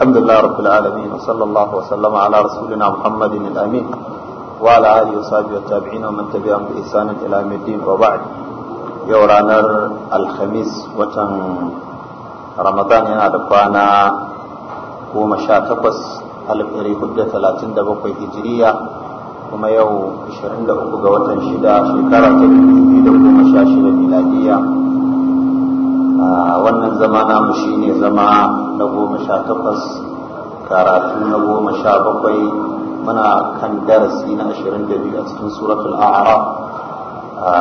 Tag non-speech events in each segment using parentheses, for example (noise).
الحمد لله رب العالمين وصلى الله وسلم على رسولنا محمد الأمين وعلى آله وصحبه والتابعين ومن تبعهم بإحسان إلى يوم الدين وبعد يورانا الخميس وتن رمضان هنا دبانا goma sha takwas alif ɗari hudu talatin da bakwai hijiriya kuma yau ashirin da uku ga watan shida shekara ta dubu biyu da sha shida wannan zama namu shine zama na goma sha takwas karatu na goma sha bakwai muna kan darasi na ashirin da biyu a cikin suratul a'ara a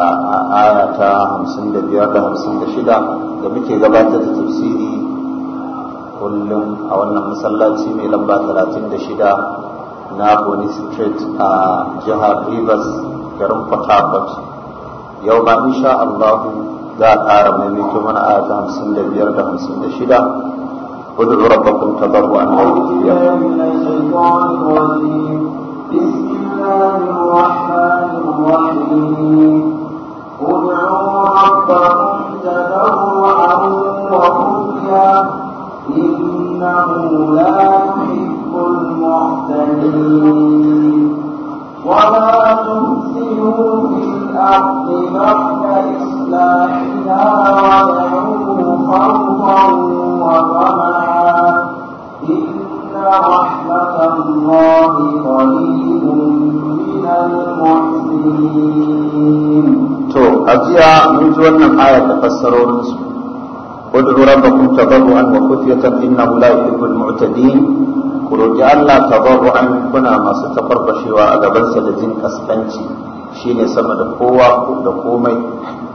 aya ta hamsin da biyar da hamsin da shida da muke gabatar da tafsiri kullum a wannan masallaci mai lamba talatin da shida na boni street a jihar rivers garin port harcourt yau ma insha allahu za a ƙara maimaito mana aya ta hamsin da biyar da hamsin da shida ربكم بسم الله الرحمن الرحيم ادعوا ربكم تضرعا وخفيا انه لا يحب المعتدين ولا تفسدوا في الارض بعد اصلاحها ودعوه خوفا وطمعا to a jiya mun ji wannan ayar da fassarorin su ud'u rabbakum tabarruan wa khufyatan innahu la yuhibbul mu'tadin ku roƙi Allah an kuna masu tafarfashewa a gabansa da jin kaskanci shine sama da kowa da komai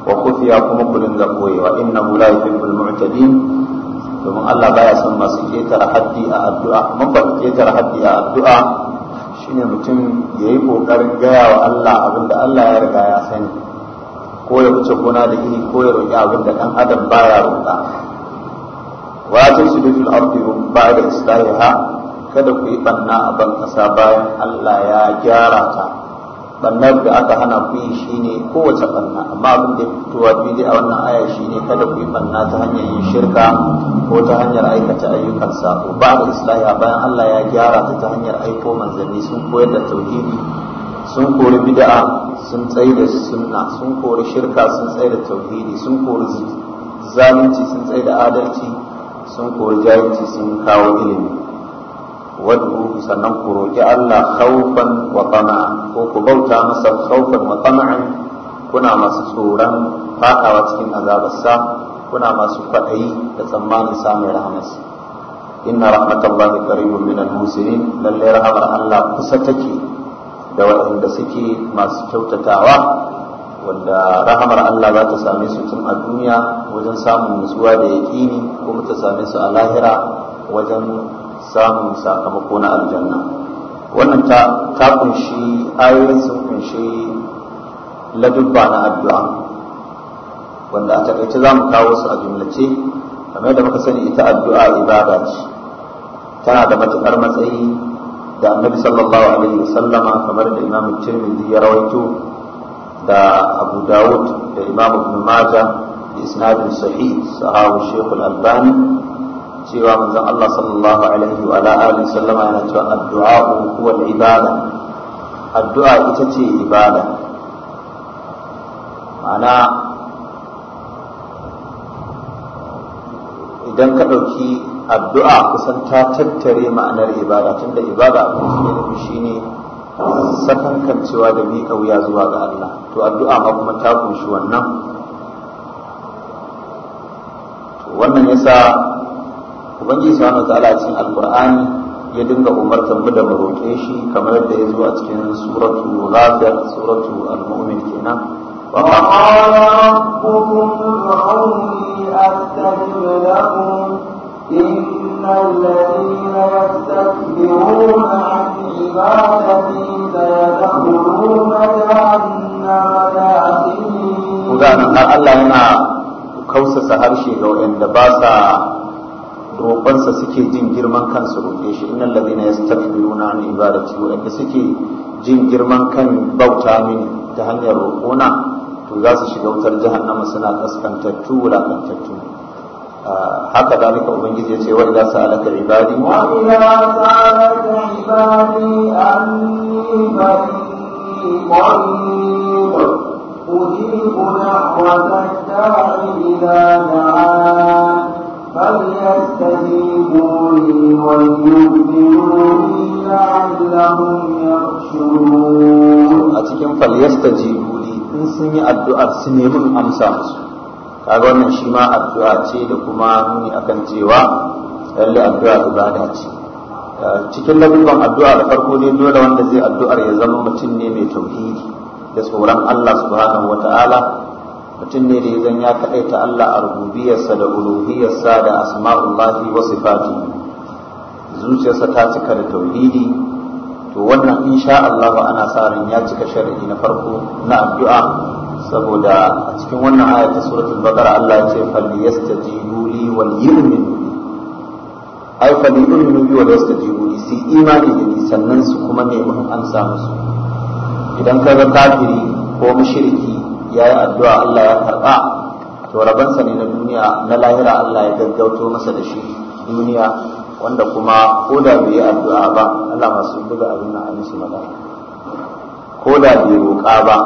wa kufiya kuma ku dinga koyewa innahu la yuhibbul mu'tadin domin Allah baya son masu ƙetare haddi a addu'a man ba haddi a addu'a shine mutum ya yi ƙoƙarin gaya wa Allah abin da Allah ya riga ya sani ko ya wuce gona da iri ko ya roƙi abin da ɗan adam baya roƙa wa ta su dukkan ardi ba da islahiha kada ku yi ɓanna a ban kasa bayan Allah ya gyara ta bannar da aka hana ku yi shine kowace banna amma abin da fitowa fili a wannan aya shine kada ku yi banna ta hanyar yin shirka ko ta hanyar aikata ayyukan sako ba da islahi bayan Allah ya gyara ta ta hanyar aiko manzanni sun koyar da tauhidi sun kori bid'a sun tsaye da sunna sun kori shirka sun tsaye da tauhidi sun kori zalunci sun tsaye da adalci sun kori jahilci sun kawo ilimi wadu sannan ku roki Allah khawfan wa tama'a ko ku bauta masa khawfan wa tama'an kuna masu tsoron fadawa cikin azabarsa kuna masu kwaɗayi da tsammanin samun rahamarsa inna rahmatallahi qaribun minal musirin lalle rahamar Allah kusa take da waɗanda suke masu kyautatawa wanda rahamar Allah za ta same su tun a duniya wajen samun nutsuwa da yaƙini kuma ta same su a lahira wajen samun sakamako na aljanna wannan ta kunshi ayoyin sun kunshi ladubba na addu'a wanda a takaice za mu kawo su a jumlace kamar da muka sani ita addu'a ibada ce tana da matukar matsayi da annabi sallallahu alaihi wasallama kamar da imam tirmidhi ya rawaito da abu dawud da imam ibn majah bi isnadin sahih sahahu shaykh al-albani cewa manzon Allah sallallahu alaihi wa alihi sallama yana cewa addu'a huwa ibada addu'a ita ce ibada ma'ana idan ka ɗauki addu'a kusan ta tattare ma'anar ibada tunda ibada abin da shi ne shine sakankancewa da miƙa wuya zuwa ga Allah to addu'a ma kuma ta kunshi wannan wannan yasa ubangiji subhanahu wataala a cikin alqur'ani ya dinga umartar mu da mu roƙe shi kamar yadda ya zo a cikin suratu ghafir suratu al-mu'min kenan wa qala rabbukum ud'uni astajib lakum innal ladina yastakbiruna an ibadati sayadkhuluna jahannama dakhilin kuga nan Allah yana kausasa harshe ga wanda ba sa roƙonsa suke jin girman kansu roƙe shi nuna ne ba da ciwo yadda suke jin girman kan bauta min ta hanyar roƙona to za su shiga wutar jahannama suna kaskantattu wulakantattu ah, haka dalika ubangiji ya ce wa idza sa'alaka ibadi wa idza sa'alaka ibadi anni fa inni قريب أجيب na a cikin falyasta بي in sun yi addu'ar su nemi amsa الدعاء kaga wannan shi ma addu'a ce da kuma nuni akan cewa lalle addu'a ibada ce eh, cikin labuban addu'a da farko ne dole wanda zai addu'ar ya zama mutum ne mai tauhidi da tsoron Allah subhanahu wataala mutum ne da ya zan ya Allah a rububiyarsa da uluhiyarsa da asma'ullahi wa sifati zuciyarsa ta cika da tauhidi to wannan sha Allah ana sa ran ya cika shari'i na farko na addu'a saboda a cikin wannan aya ta suratul baqara Allah ya ce falyastajibu li wal yu'minu ai falyastajibu li wal yastajibu li si imani da sannan su kuma ne mun amsa musu idan ka ga kafiri ko mushriki ya yi addu'a Allah ya karɓa to rabansa ne na duniya na lahira Allah ya gaggauto masa da shi duniya wanda kuma ko da bai yi addu'a ba Allah masu buga abin na su magana ko da bai roƙa ba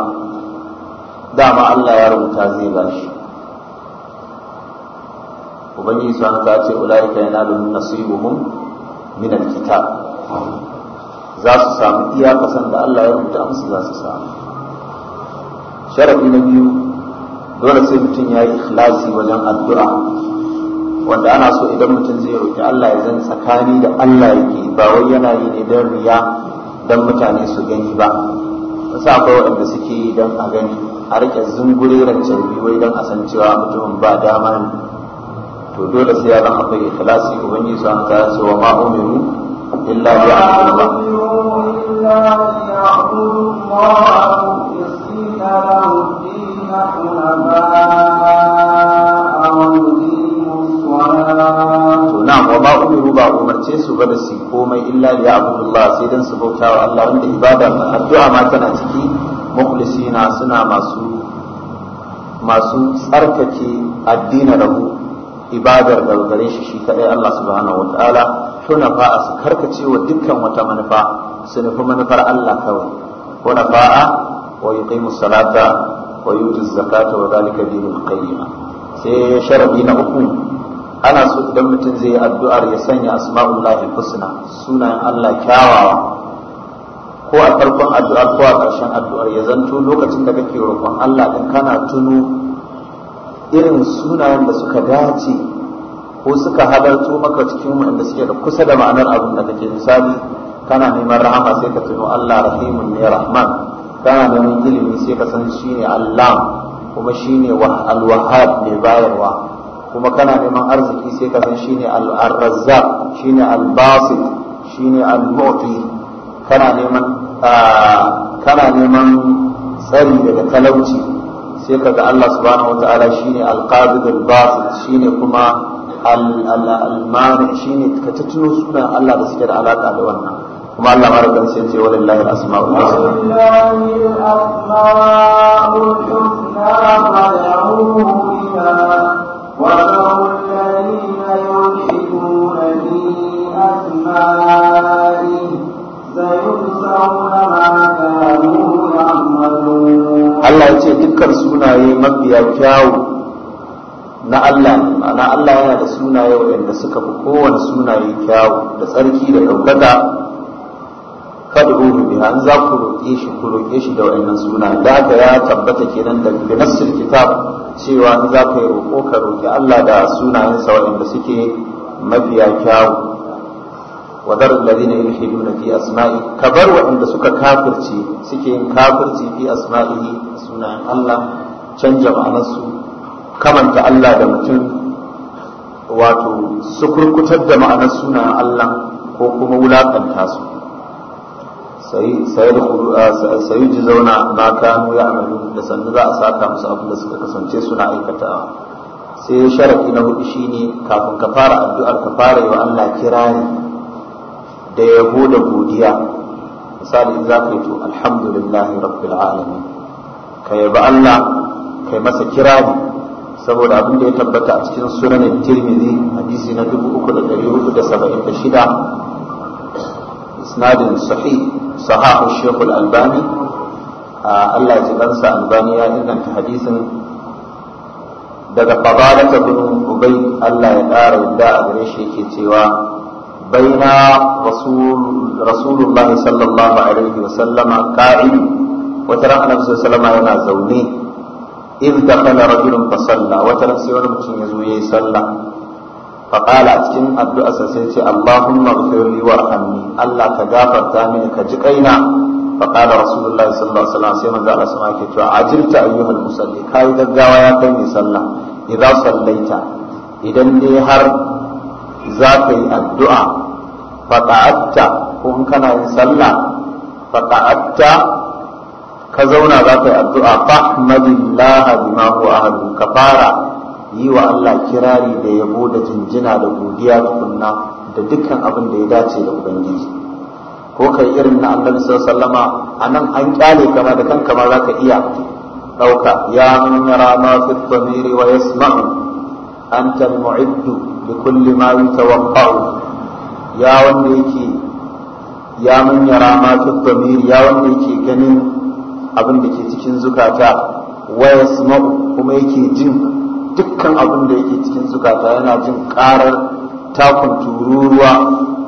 dama Allah ya rubuta zai ba shi ubangiji subhanahu ta ce ulaika yi buhun minan kita. za su samu iya kasan da Allah ya rubuta musu za su samu sharafi na biyu dole sai mutum ya yi ikhlasi wajen addu'a wanda ana so idan mutum zai roƙi Allah ya zan tsakani da Allah yake ba wai yana yi ne don riya don mutane su gani ba wasu akwai waɗanda suke yi don a gani a rike zungure rancen wai don a san cewa mutumin ba dama ne to dole sai ya zan akwai ikhlasi ubangiji su an ta su wa ma'umiru illa ba. Sai su ba da su komai illa da abdullah sai dan su bauta wa Allah wanda ibada addu'a ma tana ciki mukhlisina suna masu masu tsarkake addina rabu ibadar da gare shi shi kadai Allah subhanahu wataala hunafa su karkace wa dukkan wata manufa su nufi manufar Allah kawai fa'a wa yuqimu salata wa yuti zakata wa zalika dinul qayyim sai sharabi na uku idan mutum zai yi addu'ar ya sanya asma'ullahi husna sunayen Allah kyawawa ko a farkon addu'ar ko a ƙarshen addu'ar ya zanto lokacin da kake roƙon Allah din kana tuno irin sunayen da suka dace ko suka halarto maka cikin wanda suke da kusa da ma'anar abin da kake misali kana neman rahama sai ka tuno Allah rahimun ne rahman kana neman ilimi sai ka san shine Allah kuma shine alwahab ne bayarwa kuma kana neman arziki sai ka san shine al-razzaq shine al-basit shine al-mu'ti kana neman kana neman tsari daga talauci sai kaga Allah subhanahu wataala shine al-qabid al-basit shine kuma al-mani shine ka tattuno sunan Allah da suke da alaka da wannan kuma Allah ma rabban sai ce walillahi al-asma'ul husna walillahi al-asma'ul husna fad'uhu biha Allah ya ce dukkan sunaye سيجزون kyawu na Allah ne ma'ana Allah yana da sunaye wanda suka fi kowane sunaye kyawu da tsarki da ɗaukaka fad'uhu biha an za ku roƙe shi ku roƙe shi da wannan suna da haka ya tabbata kenan da nasir kitab cewa in za ka yi roƙo ka roƙi Allah da sunayensa waɗanda suke mafiya kyawu wadar alladhina yulhiduna fi asma'i kabar waɗanda suka kafirce suke yin kafirci fi asma'ihi sunayen Allah canja ma'anarsu kamanta Allah da mutum wato sukurkutar da ma'anar sunayen Allah ko kuma wulaƙanta su sayi ah, ji zauna ma kanu ya amalu da sannu za a saka musu abin da suka kasance suna aikatawa sai sharafi na hudu shine kafin ka fara addu'ar ka fara yi wa Allah kirari da yabo da godiya misali in za ka yi to alhamdulillahi rabbil alamin ka yabi Allah kai masa kirari saboda abin da ya tabbata a cikin sunanin tirmidhi hadisi na 3476 isnadin sahih صحاح الشيخ الألباني آه، الله جبنس ألبانيا إذن حديث دقى فضالة بن أبي الله يدار وداء بريشي كتوا بين رسول رسول الله صلى الله عليه وسلم قائم وترى نفسه سلم الله عليه زوني إذ دخل رجل فصلى وترى سيوان بن يزوي صلى faƙala a cikin addu'a sai ce Allahumma ghfirli warhamni Allah ka gafarta mini ka ji kaina faƙala rasulullahi sallallahu alaihi wasallam sai manzo Allah sama yake cewa ajilta ayyuhal musalli kai gaggawa ya kai mai sallah idan sallaita idan dai har za ka yi addu'a faƙa'atta ko in kana yin sallah ka zauna za ka yi addu'a fahmadillaha bima huwa ka fara yi wa Allah kirari da yabo da jinjina da godiya tukunna da dukkan abin da ya dace da ubangiji ko kai irin na annabi sallama a nan an kyale kama da kanka ma za ka iya ɗauka ya man yara ma fi dhamiri wa yasma'u anta muiddu bi kulli ma yatawaqqa'u ya wanda yake ya man yara ma fi dhamiri ya wanda yake ganin abin da ke cikin zukata wa yasma'u kuma yake jin dukkan abin da yake cikin zukata yana jin karar takun tururuwa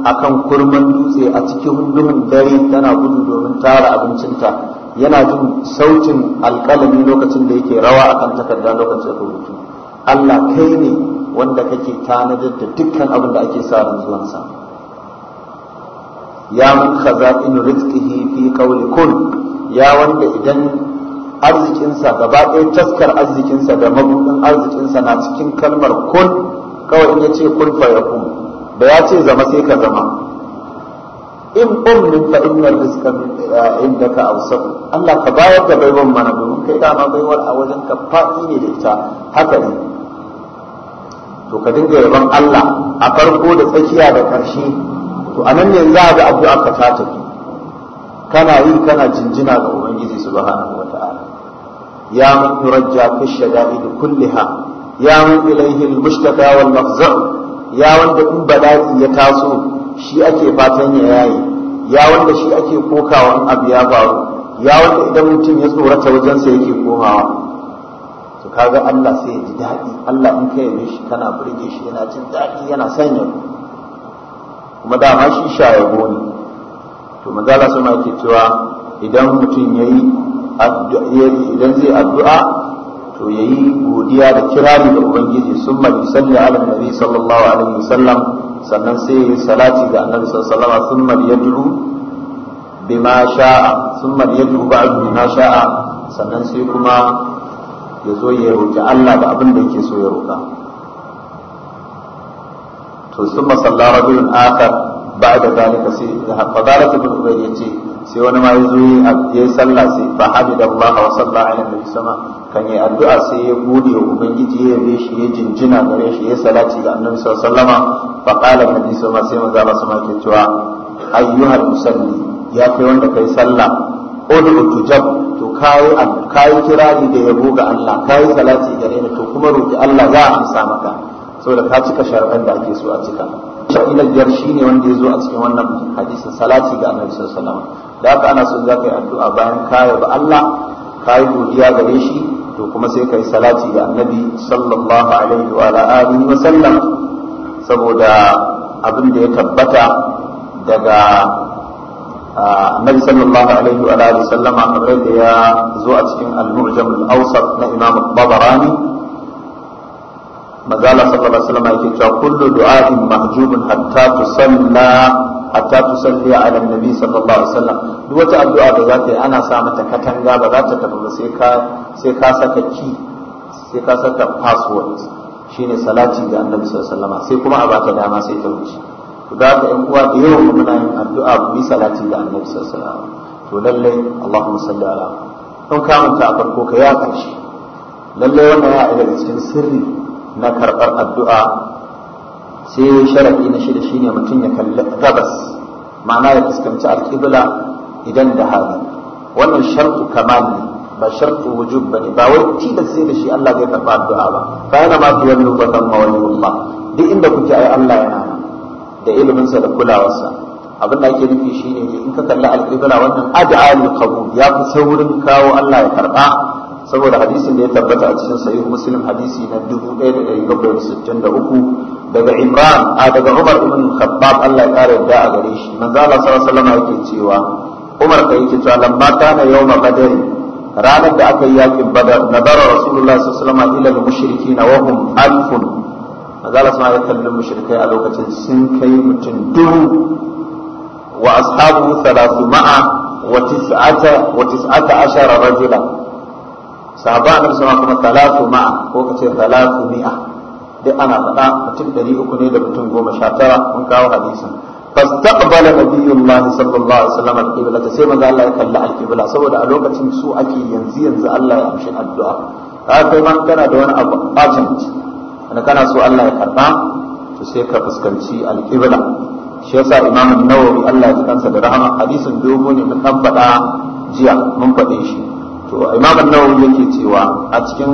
kan kurman dutse a cikin hundumin dare tana gudu domin tara abincinta yana jin sautin alkalami lokacin da yake rawa a kan takarda lokacin rubutu Allah kai ne wanda kake tanadar da dukkan abin da ake sa ran zuwansa ya mun khaza'in rizqihi fi qawli kun ya wanda idan arzikinsa gaba ɗaya taskar arzikinsa da mabudin arzikinsa na cikin kalmar kun kawai in ya ce kun fa ya kun da ya ce zama sai ka zama in ummin fa innal rizqa eh, ka awsaq Allah ka bayar da baiwan mana domin kai dama baiwar a wajen ka faɗi ne da ita haka ne to ka dinga yaban Allah a farko da tsakiya da ƙarshe to anan ne za ga addu'a ka tatafi tafi kana yi kana jinjina ga ubangiji subhanahu ta'ala. ya man yurajja fi shada'id kulliha ya man ilayhi al-mushtaka wal mafza' ya wanda in bala'i ya taso shi ake fatan ya yayi ya wanda shi ake kokawa in abu ya faru ya wanda idan mutum ya tsorata wajensa yake komawa to kaga Allah sai ya ji daɗi Allah in ka yabe shi kana burge shi yana jin daɗi yana sanya kuma dama shi ya ne to manzala suna yake cewa idan mutum yayi idan zai addu'a to yayi godiya da kirari ga ubangiji sun bi salli ala nabi sallallahu alaihi wasallam sannan sai yi salati ga annabi sallallahu alaihi wasallam summa yad'u bima sha'a summa yad'u ba'du bima sha'a sannan sai kuma ya zo ya roƙi Allah da abin da yake so ya roƙa to ma sallara rajulun akar. ba da zalika sai fadalat ibn ubayd yace sai wani ma yazo ya yi sallah sai fa hamidallah wa salla ala nabi sama kan yi addu'a sai ya gode wa ubangiji ya yabe shi ya jinjina gare shi ya salati ga annabi sallallahu alaihi wasallama fa qala nabi sama sai manzo Allah sama ke cewa ayyuhal musalli ya kai wanda kai sallah ud'u tujab to kayi kayi kirani da yabo ga Allah kayi salati gare ni to kuma roki Allah za a amsa maka saboda ka cika sharuɗan da ake so a cika ila biyar ne wanda ya zo a cikin wannan hadisin salati ga annabi sallallahu alaihi wasallam da haka ana son za ka yi addu'a bayan ka yabi Allah ka yi godiya gare shi to kuma sai ka yi salati ga annabi sallallahu alaihi wa alihi wa sallam saboda abin da ya tabbata daga annabi sallallahu alaihi wa alihi sallama kamar da ya zo a cikin al-mu'jam al-awsat na imam al-babarani mazala sallallahu alaihi wasallam yake cewa kullu du'a'in mahjubun hatta tusalla hatta tusalli ala nabi sallallahu alaihi wasallam duk wata addu'a da za ta yi ana sa mata katanga ba za ta tafi ba sai ka sai ka saka ki sai ka saka password shine salati ga annabi sallallahu alaihi wasallam sai kuma a baka dama sai ta wuce to da ka yan uwa da yawa muna yin addu'a bi salati ga annabi sallallahu alaihi wasallam to lalle Allahumma salli ala don ka manta a farko ka a ƙarshe. Lallai wannan ya daga cikin sirri na karɓar addu'a sai sharaɗi na shida ne mutum ya kalli gabas ma'ana ya fuskanci alƙibla idan da hali wannan shartu kamal ne ba shartu wujub ba ne ba wai tilas sai da shi Allah zai karɓa addu'a ba fa yana ma tuwan nufa kan duk inda kuke ai Allah yana da iliminsa da kulawarsa abin da ake nufi shine in ka kalli alƙibla wannan ad'a ya fi saurin kawo Allah ya karɓa saboda hadisin da ya tabbata a cikin sahih muslim hadisi na 1763 daga imran a daga umar ibn khabbab Allah ya kare da a gare shi manzo Allah sallallahu alaihi wasallam yake cewa umar kai yake cewa lamma kana yawma badr ranar da aka yi yakin badar nadara rasulullahi sallallahu alaihi wasallam ila al-mushrikeena wa hum alfun manzo Allah sallallahu alaihi wasallam mushrikai a lokacin sun kai mutum dubu wa ashabu 300 wa 9 wa 19 rajula sahabat nabi sallallahu kuma talatu ma ko kace talatu mi'a dai ana faɗa mutum ɗari uku ne da mutum goma sha mun kawo hadisin fastaqbala nabiyullah sallallahu alaihi wasallam al-qibla sai manzo Allah ya kalla al-qibla saboda a lokacin su ake yanzu yanzu Allah ya amshi addu'a ka kai man kana da wani abu ajin ana kana so Allah ya karba to sai ka fuskanci al-qibla shi yasa imamu nawawi Allah ya kansa da rahama hadisin dogo ne mun tabbata jiya mun faɗe shi to imam an-nawawi yake cewa a cikin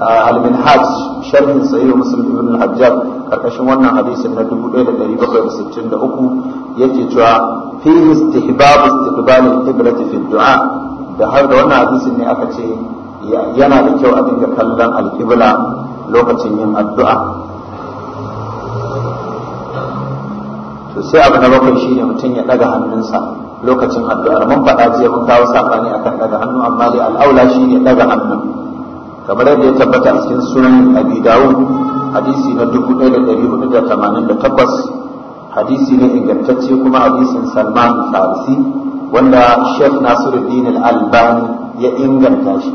al-minhaj sharhin sahih muslim ibn al-hajjaj karkashin wannan hadisin na 1763 yake cewa fi istihbab istiqbal al-qiblat fi du'a da har da wannan hadisin ne aka ce yana da kyau a dinga kallon al-qibla lokacin yin addu'a to sai abu na bakwai shine mutum ya daga hannunsa lokacin addu'ar mun faɗa jiya mun kawo sabani akan ɗaga hannu amma dai al'aula shi ne daga hannu kamar yadda ya tabbata a cikin sunan abi dawud hadisi na dubu da da da hudu tamanin takwas hadisi ne ingantacce kuma hadisin salman farisi wanda sheikh nasiruddin al-albani ya inganta shi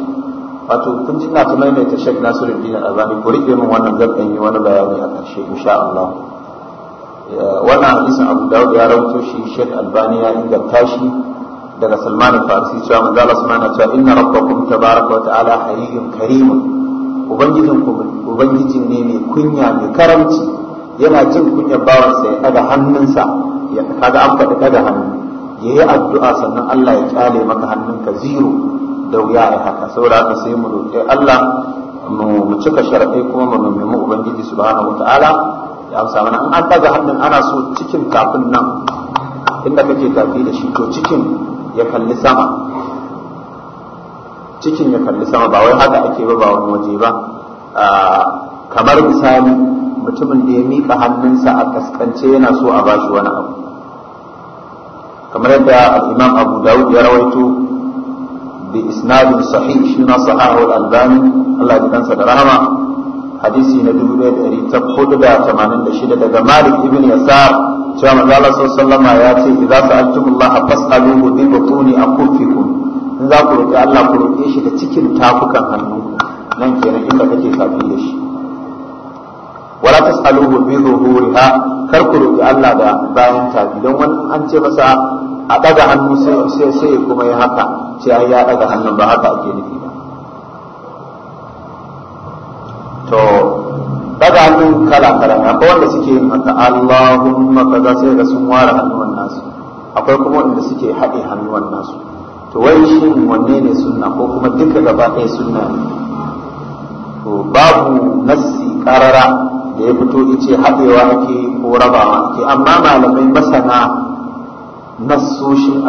wato kun ji na ta maimaita sheikh nasiruddin al-albani ku riƙe min wannan zan yi wani bayani a ƙarshe insha Allah wannan hadisin abu dawud ya rawaito shi shek albani ya inganta shi daga salmanin farisi cewa manzo Allah subhanahu wa ta'ala inna rabbakum tabaraka wa ta'ala hayyun karim ubangijin ku ubangijin ne mai kunya mai karamci yana jin kunyar sa ya daga hannunsa ya kaga an faɗi daga hannu yayi addu'a sannan Allah ya kyale maka hannunka zero da wuya ai haka saboda haka sai mu roƙi Allah mu cika shar'i kuma mu nemi ubangiji subhanahu wa ta'ala ya amsa mana an daga hannun ana so cikin kafin nan inda kake tafi da shi to cikin ya kalli sama cikin ya kalli sama ba wai haka ake ba ba wani waje ba ah, kamar misali mutumin da ya miƙa hannunsa a kaskance yana so a bashi wani abu kamar yadda imam abu dawud ya rawaito bi isnadin sahih shi na sahahu albani Allah ya kansa da rahama hadisi na da da da tamanin shida daga Malik ibn Yasar cewa manzo Allah sallallahu alaihi ya ce idza sa'altumullah fas'aluhu bi butuni akufikum in za ku roƙi Allah ku roƙe shi da cikin tafukan hannu nan kenan inda kake safi da shi wala tas'aluhu bi ha kar ku roki Allah da bayan tafi don wani an ce masa a ɗaga hannu sai sai kuma ya haka sai ya ɗaga hannun ba haka ake nufi to daga hannun kala kala akwai wanda suke yin haka Allahumma kaza sai ga sun ware hannuwan nasu akwai kuma wanda suke haɗe hannuwan nasu to wai shin wanne ne sunna ko kuma duka gaba ɗaya suna ne to babu nassi karara da ya fito ice haɗewa ake ko rabawa ake amma malamai masana nassoshin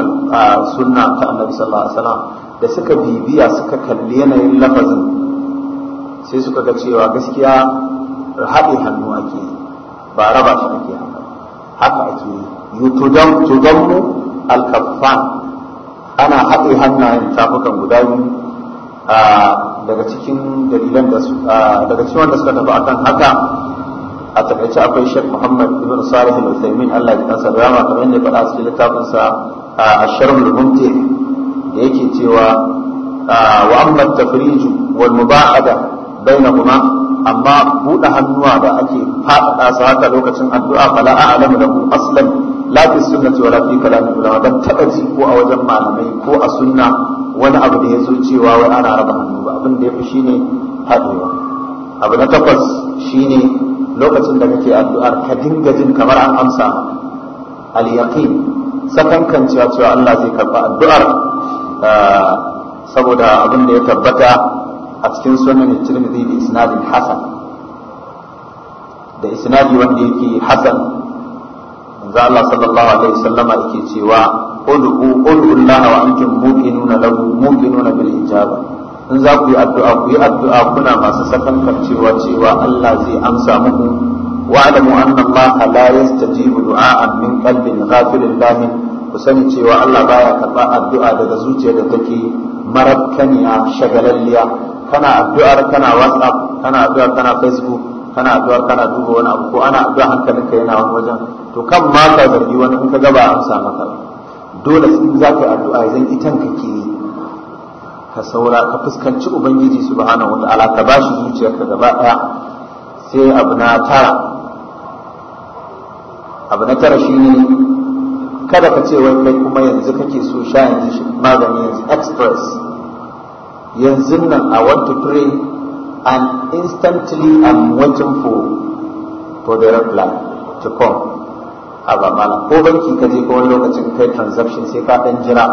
sunna ta annabi sallallahu alaihi wasallam da suka bibiya suka kalli yanayin lafazin sai suka ga cewa gaskiya haɗe hannu ake ba raba shi ake haka haka ake yi tudammu alkafan ana haɗe hannayen tafukan guda biyu daga cikin dalilan da daga cikin wanda suka tafi akan haka a takaice akwai shek Muhammad Ibn Salih Al-Utsaimin Allah ya kansa da rama kamar yadda faɗa cikin littafin sa a al da yake cewa wa amma at wal bainahuma amma buɗe hannuwa da ake faɗaɗa haka lokacin addu'a fala a'lamu lahu aslan la fi sunnati wala fi kalamin ulama dan taɓa ji ko a wajen malamai ko a sunna wani abu da ya zo cewa wai ana raba hannu ba abin da ya fi shine haɗewa abu na takwas shine lokacin da kake addu'ar ka dinga jin kamar an amsa al-yaqin sakankan cewa cewa Allah zai karɓi addu'ar ah, saboda abin da ya tabbata a cikin sunan tirmidhi da isnadin hasan da isnadi wanda yake hasan manzo Allah sallallahu alaihi wasallama yake cewa ud'u ud'u Allah wa antum muqinuna lahu muqinuna bil ijaba in za ku yi addu'a ku yi addu'a kuna masu sakankan cewa cewa Allah zai amsa muku wa alamu anna Allah la yastajibu du'a'an min qalbin ghafilin lahin ku sani cewa Allah baya karba addu'a daga zuciyar da take marabtaniya shagalalliya kana addu'ar kana whatsapp kana addu'ar kana facebook kana addu'ar kana duba wani abu ko ana addu'a hankalinka yana wani wajen to kan ma ka zargi wani in ka gaba amsa maka dole in za ka yi addu'a zan itan ka ke ka saura ka fuskanci ubangiji subhanahu wa ta'ala ka bashi ka gaba daya sai abu na tara abu na tara shine kada ka ce wai kai kuma yanzu kake so sha yanzu shi magani yanzu express yanzu nan i want to pray and instantly i'm waiting for for the reply to come haba malam ko banki ka je ko wani lokacin kai transaction sai ka dan jira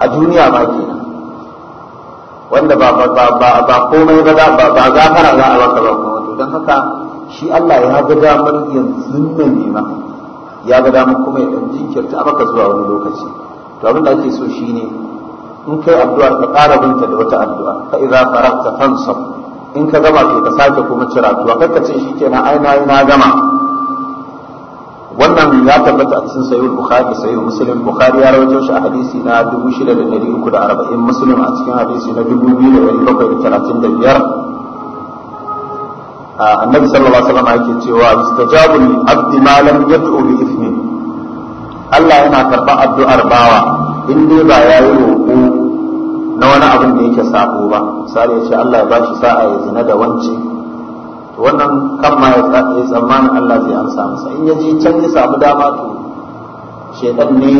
a duniya ma kenan wanda ba ba ba ba komai ba ba ba gafara za a baka ba kuma to don haka shi Allah ya ga damar yanzu nan ne ma ya ga damar kuma ya ɗan jinkirta maka zuwa wani lokaci to abin da ake so shi ne in kai addu'ar ka ƙara binta da wata addu'a fa idza faragta fansab in ka gama ke ka sake kuma ciratuwa A ce shi ke na aina na gama wannan ya tabbata a cikin sahih bukhari sahih muslim bukhari ya rawaito shi a hadisi na 6340 muslim a cikin hadisi na 2735 annabi sallallahu alaihi wasallam yake cewa istajabu lil abdi ma lam yad'u bi ismi Allah yana karba addu'ar bawa in dai ba yayi roƙo na wani abin da yake sabo ba misali ya ce Allah ya bashi sa'a ya zina da wanci to wannan kan ma ya tsammanin Allah zai amsa masa in ya can ya samu dama to shedan ne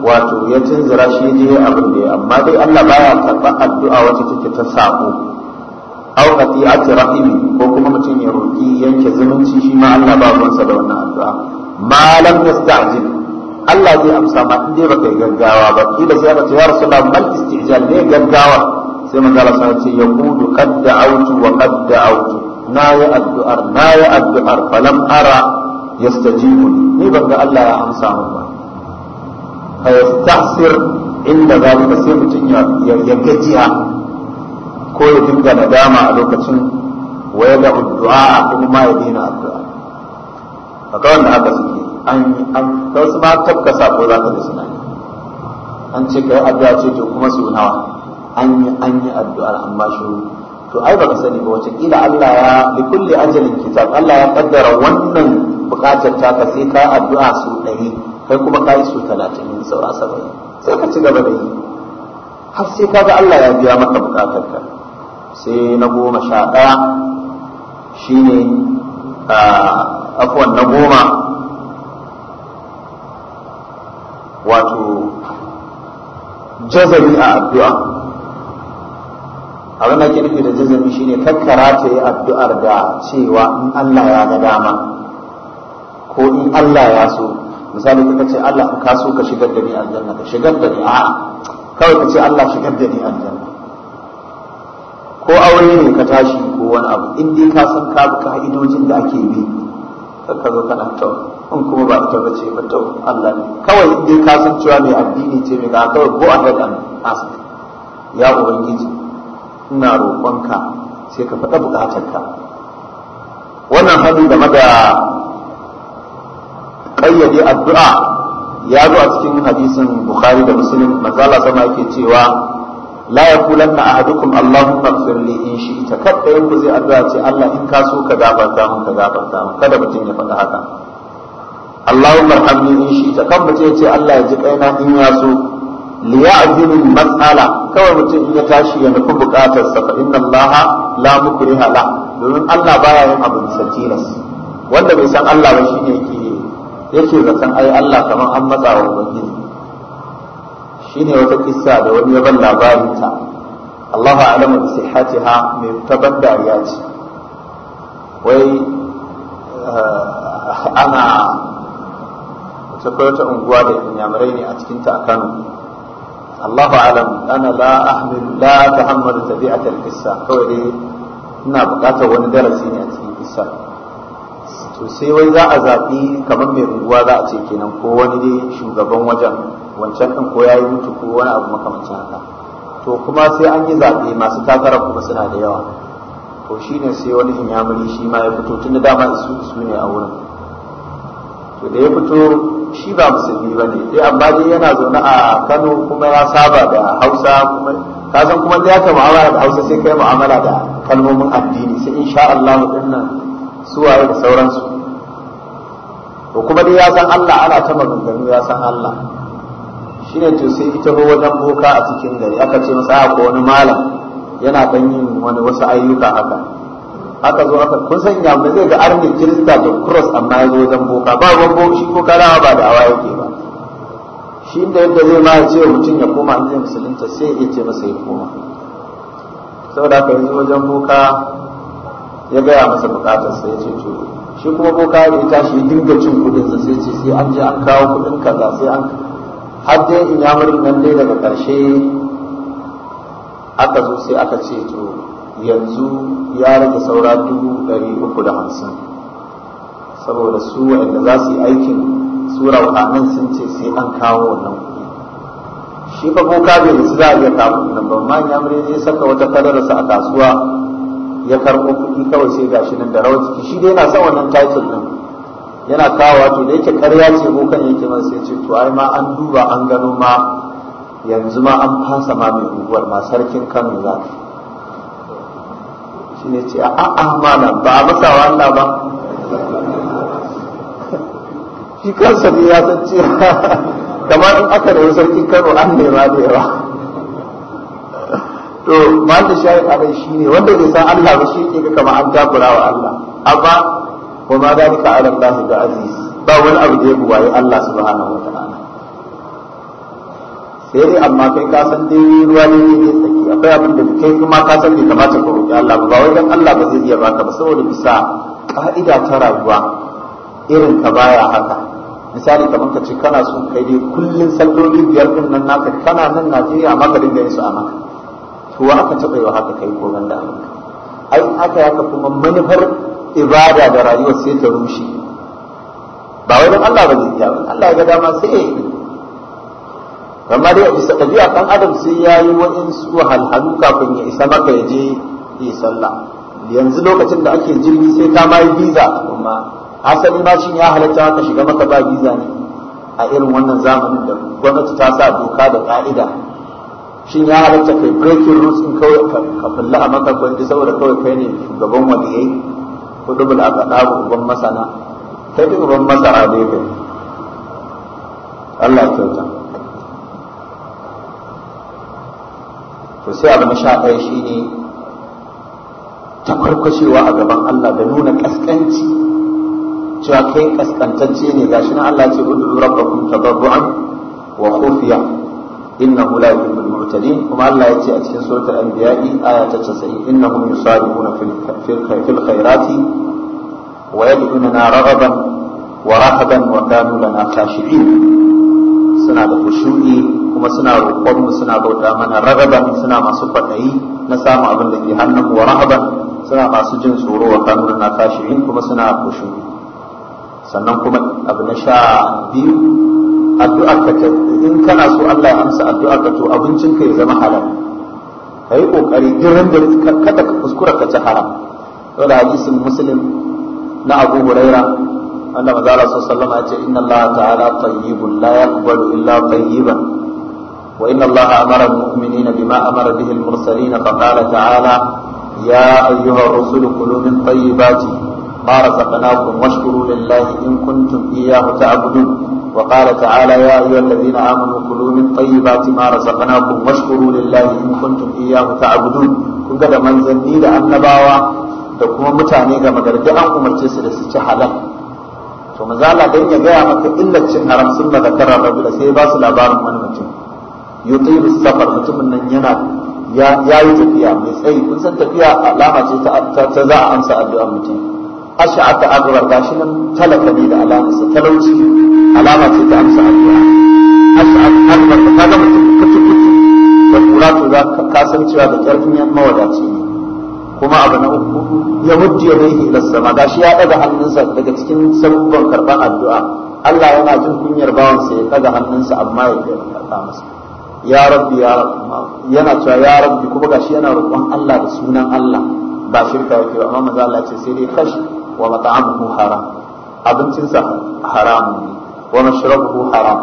wato ya tunzura shi je abin da ya amma dai Allah baya karɓar addu'a wacce take ta sabo aw qati'ati rahimi ko kuma mutum ya roki yanke zumunci shi ma Allah ba ruwansa da wannan addu'a malam yasta'jil Allah zai amsa ma in ba baka gaggawa ba kila sai ka ce ya rasulullah mal istijal ne gaggawa sai manzo Allah sai ce yaqulu qad da'awtu wa qad da'awtu na yi addu'ar na yi addu'ar falam ara yastajibu ni ban ga Allah ya amsa mun ba fa yastahsir inda zalika sai mutum ya gajiya ko ya dinga nadama a lokacin wa ya da addu'a kuma ma ya daina addu'a kaga wanda haka suke an an da wasu ba tabka sako za ka da suna an ce kai addu'a ce to kuma su nawa an yi an yi addu'a amma shiru to ai baka sani ba wace kila Allah ya bi kulli ajalin kitab Allah ya kaddara wannan bukatar ka sai ka addu'a su 100 kai kuma kai su 30 in saura sabai sai ka ci gaba da yi har sai kaga Allah ya biya maka bukatarka sai na goma sha ɗaya shi ne afuwan na goma wato jazari a addu'a abin da ke nufi da jazari shine kakkara ta yi addu'ar da cewa in Allah ya ga dama ko in Allah ya so misali kuka ce Allah ka so ka shigar da ni aljanna ka shigar da ni a? kawai ka ce Allah shigar da ni aljanna ko aure ne ka tashi ko wani abu in dai ka san ka bi ka'idojin da ake bi ka zo kana to in kuma ba ta ba ce ba to Allah ne kawai in dai ka san cewa mai addini ce mai ga kawai a ahead and ask ya ubangiji ina roƙonka sai ka faɗa buƙatarka wannan hali game da ƙayyade addu'a ya zo a cikin hadisin bukhari da muslim manzo sama yake cewa la a ahadukum allahumma ighfir ne in shi shi'ta yin yanku zai addu'a ce Allah in ka so ka gafarta mun ka gafarta mun kada mutum ya faɗa haka Allahumma ne in ta kan mutum ya ce Allah ya ji kaina in ya so a ya'zimu matsala kawai mutum in ya tashi ya nufi buƙatar sa fa inna Allah la mukriha domin Allah baya yin abu bisa tilas wanda bai san Allah ba ne, yake yake zaton ai Allah kamar an matsa wa ubangiji shine wata kissa da wani ya ban labarin ta Allahu a'lamu bi sihhatiha mai tabar dariya ce wai eh, ana ta wata unguwa da inyamurai ne a cikin ta Kano Allahu a'lamu ana la ahmil la tahammalu tabi'at al kawai dai ina buƙatar wani darasi ne a cikin kissa to sai wai za a zaɓi kamar mai unguwa za a ce kenan ko wani dai shugaban wajen wancan ɗin ko ya yi mutu ko wani abu makamancin haka to kuma sai an yi zaɓe masu takarar kuma suna da yawa to shi ne sai wani inyamuri shi ma ya fito tun da dama isu ne a wurin to da ya fito shi ba musulmi ba ne dai eh, amma dai yana zaune a kano kuma ya saba da hausa kuma ka san kuma da ya ka mu'amala da hausa sai ka yi mu'amala da kalmomin addini sai insha Allah dinnan suwaye da sauransu to kuma dai ya san Allah ana ta maganganu ya san Allah shine to sai ita ba wajen boka a cikin gari aka ce masa ko wani malam yana dan yin wani wasu ayyuka haka aka zo aka kun san ya mai zai ga arni kirista da cross amma ya zo wajen boka ba ruwan boka shi ko karawa ba da awa yake ba shi da yadda zai ma ce mutum ya koma an zai musulunta sai ya ce masa ya koma saboda haka yanzu wajen boka ya gaya masa bukatar sai ya ce to shi kuma boka ya tashi ya dinga cin kudin sa sai ce sai an je an kawo kudin kaza sai an har dai in ya murin nan dai daga ƙarshe aka zo sai aka ce to yanzu ya rage saura dubu ɗari uku da hamsin saboda su waɗanda za su yi aikin sura waɗannan sun ce sai an kawo wannan kuɗi shi fa boka bai da za a iya kawo nan ba ma ya murin ya saka wata kadararsa a kasuwa ya karɓo kuɗi kawai sai gashi nan da rawar jiki shi dai yana son wannan title nan yana kawo wato da yake karya ce ko kan yake masa ya ce to ai ma an duba an gano ma yanzu ma an fasa ma mai guguwar ma sarkin Kano za ka shi ne ce a a mana ba a masa wa Allah ba shi kansa ne ya san cewa (laughs) kamar in aka da sarkin Kano an nema da yawa to malda shahid shi ne wanda bai san Allah ba shi ke ga kamar an takura wa Allah amma kuma za ka ala Allah ga aziz ba wani abu da ya buwaye Allah subhanahu wa ta'ala sai amma kai ka san dai ruwa ne ne ne tsaki akwai abin da kai kuma ka san bai kamata ka roƙi Allah ba wai dan Allah ba zai iya baka ba saboda bisa ka'ida ta rayuwa irin ka baya haka misali kamar ka ce kana son kai dai kullun salloli biyar din nan naka kana nan Najeriya amma ka dinga yin a maka to wa aka taba yi haka kai ko ganda ai haka ya ka kuma manufar ibada da rayuwar sai ta rushe ba wai don Allah ba zai iya ba Allah ga dama sai ya yi kamar dai isa ɗabi'a ɗan adam sai ya yi wa'insu wahalhalu kafin ya isa maka ya je yi sallah yanzu lokacin da ake jirgi sai ka mai biza kuma asali ma shi ya halatta ka shiga maka ba biza ne a irin wannan zamanin da gwamnati ta sa doka da ka'ida shin ya halatta kai breaking rules in kawai ka fulla a maka kwanci saboda kawai kai ne shugaban waliyai kudubul aqdab uban masana sai duk masana masara ne Allah ya kyauta to sai abu na sha ɗaya ta takwarkwashewa a gaban Allah da nuna kaskanci cewa kai kaskantacce ne gashi na Allah ce udu rabbakum tadarruan wa khufiya innahu la yuhibbul المبتدين وما الله يأتي أتكين سورة الأنبياء آية تتسعي إنهم يصارعون في الخيرات ويدعوننا رغبا ورهبا وكانوا لنا خاشعين سنة خشوعي kuma suna roƙon mu suna bauta mana ragaban suna masu kwaɗayi na samun abin da ke hannun wa rahaban suna masu jin tsoro wa kanun na kashirin kuma suna kushu sannan kuma abu na sha biyu addu'ar ka ta in kana so Allah ya amsa addu'a ka to abincin ka ya zama halal kai kokari duk da kada ka kuskura ka ci haram saboda hadisin muslim na Abu Huraira wanda manzo Allah sallallahu alaihi wasallam ya ce inna Allah ta'ala tayyibun la yaqbalu illa tayyiban wa inna Allah amara al-mu'minina bima amara bihi al-mursalin faqala ta'ala ya ayyuha ar-rusul kulu min tayyibati ما رزقناكم واشكروا لله إن كنتم إياه تعبدون ta'ala وقال تعالى يا أيها الذين آمنوا كلوا من طيبات ما رزقناكم واشكروا لله إن كنتم إياه a kun ga da manzanni da annabawa da kuma mutane ga magardi an umarci su da su ci halal to mazala dan ya gaya maka illar cin haram sun ba zakara sai ba su labarin wani mutum yutilu safar mutumin nan yana ya yi tafiya mai tsayi kun tafiya alama ce ta za a amsa addu'ar mutum ash'at azrar gashi nan talaka ne da alama talauci alama ce ta amsa addu'a ash'at azrar ka ga mutum kutu kutu da kura to za ka san cewa da karfin yan mawadaci ne kuma abu na uku ya muddi yadayhi ila sama gashi ya ɗaga hannunsa daga cikin sabon karɓar addu'a Allah yana jin kunyar bawansa ya daga hannunsa amma ya karba masa ya rabbi ya yana cewa ya rabbi kuma gashi yana roƙon Allah da sunan Allah ba shirka yake ba amma manzo Allah ce sai dai kashi wa mata'amuhu haram abincinsa haram ne wa mashrabuhu haram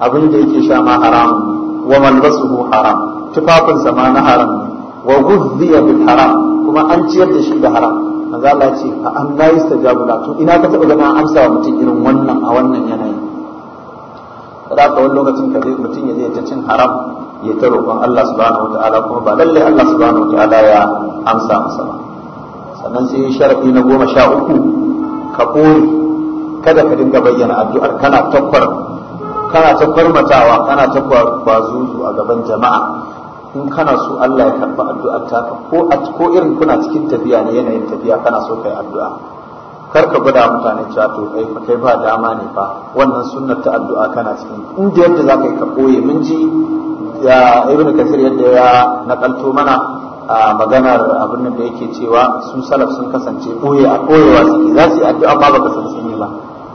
abin da yake sha ma haram ne wa malbasuhu haram tufafinsa ma na haram ne wa ghudhiya bil haram kuma an ciyar da shi da haram manzo Allah ce fa an la yastajabu la to ina ka taba gana amsa wa mutum irin wannan a wannan yanayi da ka wani lokacin ka mutum ya je ta cin haram ya ta roƙon Allah subhanahu wataala kuma ba lalle Allah subhanahu wataala ya amsa masa ba sannan sai sharafi na goma sha uku ka kore kada ka dinga bayyana addu'ar kana takwar kana takwar matawa kana takwar bazuzu a gaban jama'a in kana so Allah ya karba addu'ar ta ko ko irin kuna cikin tafiya ne yanayin tafiya kana so kai addu'a kar ka gwada mutane cewa to kai fa kai ba dama ne fa wannan sunnar ta addu'a kana cikin da yadda zaka yi ka koye mun ji ya ibnu kasir yadda ya nakalto mana a maganar abin da yake cewa su salaf sun kasance ɓoye a ɓoyewa suke za su yi addu'a ba baka san sun yi ba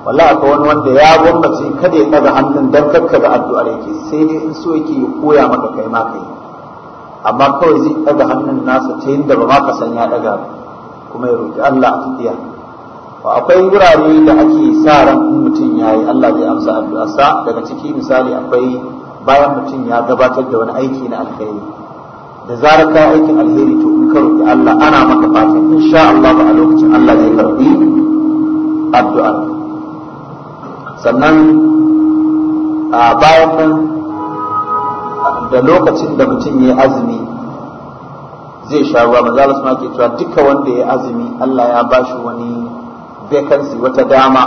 wallahi akwai wani wanda ya gwammace kada ya ɗaga hannun dan kakka ga addu'ar yake sai dai in so yake ya koya maka kai ma kai amma kawai zai ɗaga hannun nasa ta yadda ba ma ka san ya ɗaga kuma ya roƙi Allah a tafiya akwai wurare da ake sa ran mutum ya yi Allah zai amsa addu'arsa daga ciki misali akwai bayan mutum ya gabatar da wani aiki na alkhairi da zarar ka aikin alheri to in ka roki Allah ana maka fatan sha Allah ba a lokacin Allah zai karbi addu'a sannan a bayan nan da lokacin da mutum ya azumi zai sha ruwa maza Allah suna ke cewa duka wanda ya azumi Allah ya bashi wani vacancy wata dama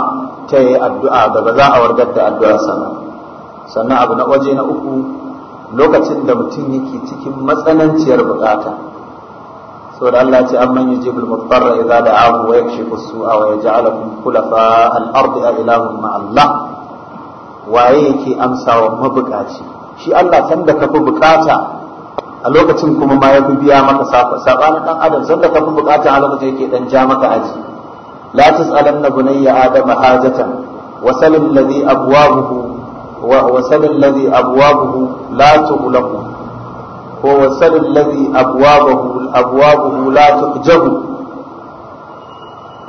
ta yi addu'a da ba za a wargar da addu'arsa sannan abu na waje na uku lokacin da mutum yake cikin matsananciyar bukata saboda Allah ce amman yujibul mutarra idza da'ahu wa yakshifu as-su'a wa yaj'alukum khulafa al-ardi a ilahun ma Allah waye yake amsawa mabukaci shi Allah san da kafi bukata a lokacin kuma ma ya biya maka safa sabanin dan adam san da kafi bukata a lokacin yake dan ja maka aji la tas'alanna bunayya adama hajatan wa salim ladhi abwabuhu وسل الذي أبوابه لا تغلق ووسل الذي أبوابه أبوابه لا تحجب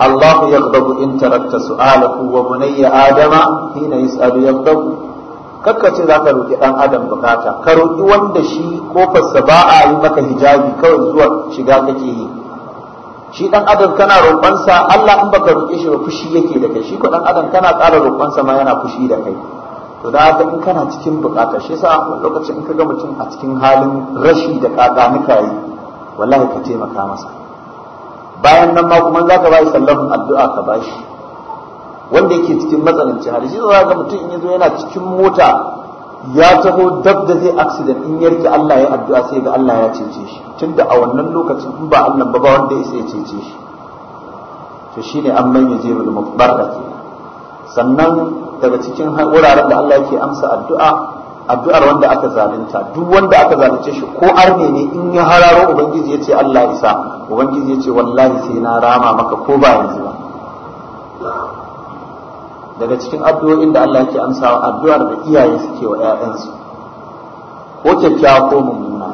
الله يغضب إن تركت سؤاله وبني آدم حين يسأل يغضب kakkace za ka roƙi ɗan adam bukata ka roƙi wanda shi kofarsa ba a yi maka hijabi kawai zuwa shiga kake yi shi ɗan adam kana roƙonsa Allah in baka roƙe shi ba fushi yake da kai shi ko ɗan adam kana ƙara roƙonsa ma yana fushi da kai to da haka in kana cikin bukata shi yasa lokacin in ka ga mutum a cikin halin rashi da ka yi wallahi ka taimaka masa bayan nan ma kuma za ka bashi sallamin addu'a ka bashi wanda yake cikin matsananci hali shi za ga mutum in yazo yana cikin mota ya taho dab da zai accident in yarki Allah ya addu'a sai ga Allah ya cece shi tunda a wannan lokacin in ba Allah ba ba wanda ya cece shi to shine an manya da mubarraki sannan daga cikin wuraren da Allah yake amsa addu'a addu'ar wanda aka zalunta duk wanda aka zalunce shi ko arne ne in ya hararo ubangiji yace Allah isa ubangiji yace wallahi sai na rama maka ko ba yanzu ba daga cikin addu'o'in da Allah yake amsawa addu'ar da iyaye suke wa ƴaƴansu ko kyakkyawa ko mummuna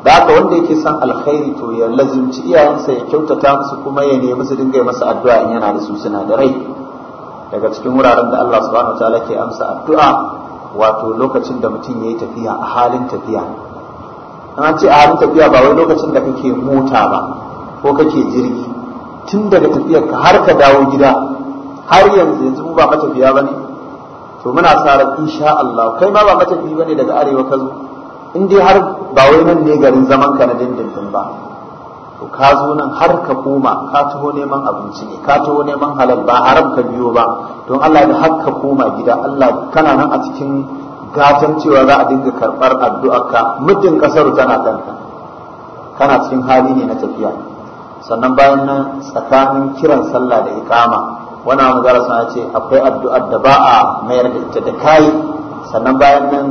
da haka wanda yake son alkhairi to ya lazimci iyayensa ya kyautata musu kuma ya nemi su dinga masa addu'a in yana da su suna da rai daga cikin wuraren da Allah subhanahu wataala ke amsa addu'a wato lokacin da mutum yayi tafiya a halin tafiya an ce a halin tafiya ba wai lokacin da kake mota ba ko kake jirgi tun daga tafiyar ka har ka dawo gida har yanzu yanzu mu ba matafiya bane to muna sa ran insha Allah kai ma ba matafi bane daga arewa ka zo in dai har ba wai nan ne garin zaman ka na dindindin ba to ka zo nan har ka koma ka taho neman abinci ne ka taho neman halal ba haram ka biyo ba don Allah da har ka koma gida Allah kana nan a cikin gatan cewa za a dinga karɓar addu'arka mijin kasar tana kanka kana cikin hali ne na tafiya sannan bayan nan tsakanin kiran sallah da ikama, wani gara sana ce akwai addu'ar da ba a mayar da ita da kai sannan bayan nan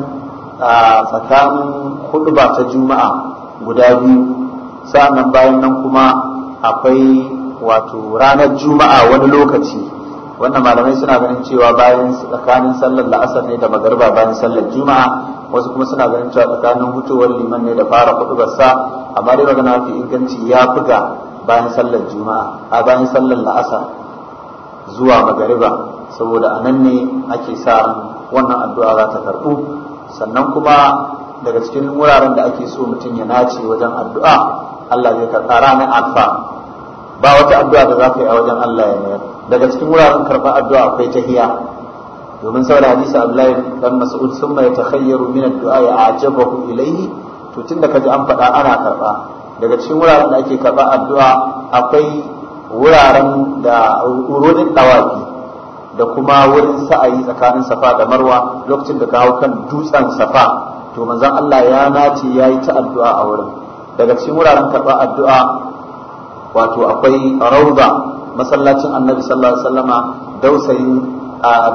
tsakanin hudu ba ta juma'a guda biyu sa'annan bayan nan kuma akwai wato ranar juma'a wani lokaci wannan malamai suna ganin cewa bayan tsakanin sallar la'asar ne da magarba bayan sallar juma'a wasu kuma suna ganin cewa tsakanin hutuwar liman ne da fara kudubar sa amma dai magana fi inganci ya fi ga bayan sallar juma'a a bayan sallar la'asar zuwa magariba saboda a nan ne ake sa wannan addu'a za ta karɓu sannan kuma daga cikin wuraren da ake so mutum ya nace wajen addu'a Allah zai karɓa ranar alfa ba wata addu'a da za ka yi a wajen Allah ya mayar daga cikin wuraren karɓar addu'a akwai tahiya domin saboda hadisi Abdullahi dan Mas'ud sun mai takhayyaru min addu'a ya ajabahu ilayhi to tunda kaji an faɗa ana karɓa daga cikin wuraren da ake karɓa addu'a akwai wuraren da urodin dawaki da kuma wurin sa'ayi tsakanin safa da marwa lokacin da ka hau kan dutsen safa to manzon Allah ya nace yayi ta addu'a a wurin daga cikin wuraren karɓar addu'a wato akwai rauda masallacin annabi sallallahu alaihi wasallama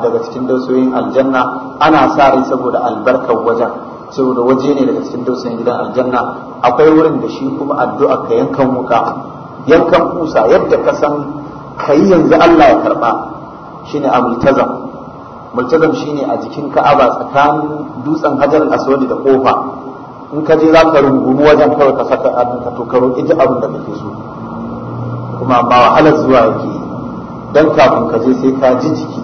daga cikin dausayin aljanna ana sa rai saboda albarkar wajen saboda waje ne daga cikin dausayin gidan aljanna akwai wurin da shi kuma addu'a ka yankan wuka yankan kusa yadda ka san kai yanzu Allah ya karba shine amultazam multazam shine a jikin ka'aba tsakanin dutsen hajar aswadi da kofa in ka je za ka rungumi wajen kawai ka saka abin ka to karo ita abin da kake so kuma ba wahalar zuwa yake don kafin ka je sai ka ji jiki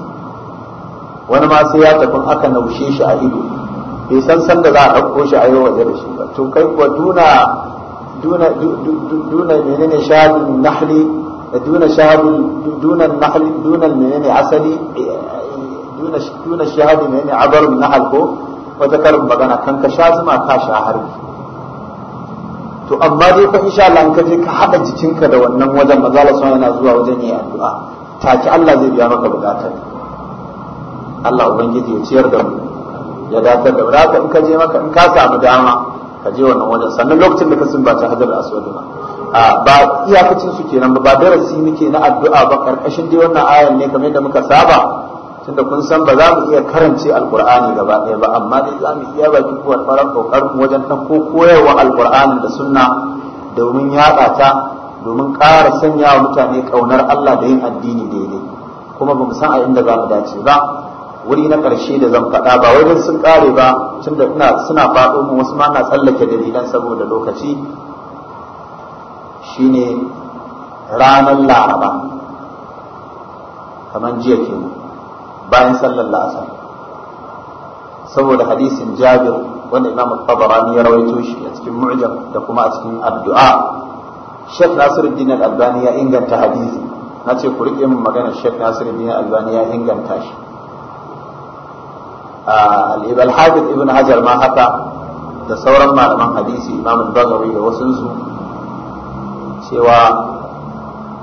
wani ma sai ya tafi aka naushe shi a ido bai san san da za a ɗauko shi a yau waje da shi ba to kai kuwa duna duna duna menene shahadun nahli duna shahadun duna nahli duna menene asali eh, duna duna shahadun menene abarun nahal ko wata karin magana kan ka sha zuma ka sha harbi to amma dai fa insha Allah in ka je ka haɗa jikinka da wannan wajen maza Allah subhanahu yana zuwa wajen yayi addu'a take Allah zai biya maka bukatar Allah ubangiji ya ciyar da mu ya dakar da mu in ka je maka in ka samu dama ka je wannan wajen sannan lokacin da ka sun bace hajar aswad ba ba iyakacin su kenan ba ba darasi muke na addu'a ba karkashin dai wannan ayan ne kamar yadda muka saba tunda kun san ba za mu iya karance alkur'ani gaba ɗaya ba amma dai za mu iya baki kuwar farar kokarin wajen ɗauko koyarwa alkur'ani da sunna domin yaɗa ta domin ƙara sanya wa mutane ƙaunar Allah da yin addini daidai kuma ba mu san a inda za mu dace ba wuri na ƙarshe da zan faɗa ba wajen sun ƙare ba tunda ina suna faɗo mu wasu ma na tsallake dalilan saboda lokaci shine ranar laraba kamar jiya kenan bayan sallar la'asar saboda hadisin jabir wanda imam tabarani ya rawaito shi a cikin mu'jam da kuma a cikin addu'a shek nasiruddin al-albani ya inganta hadisi na ce ku riƙe min magana shek nasiruddin al-albani ya inganta shi al-hafiz ibn hajar ma haka da sauran malaman hadisi imam al-bagawi da wasunsu cewa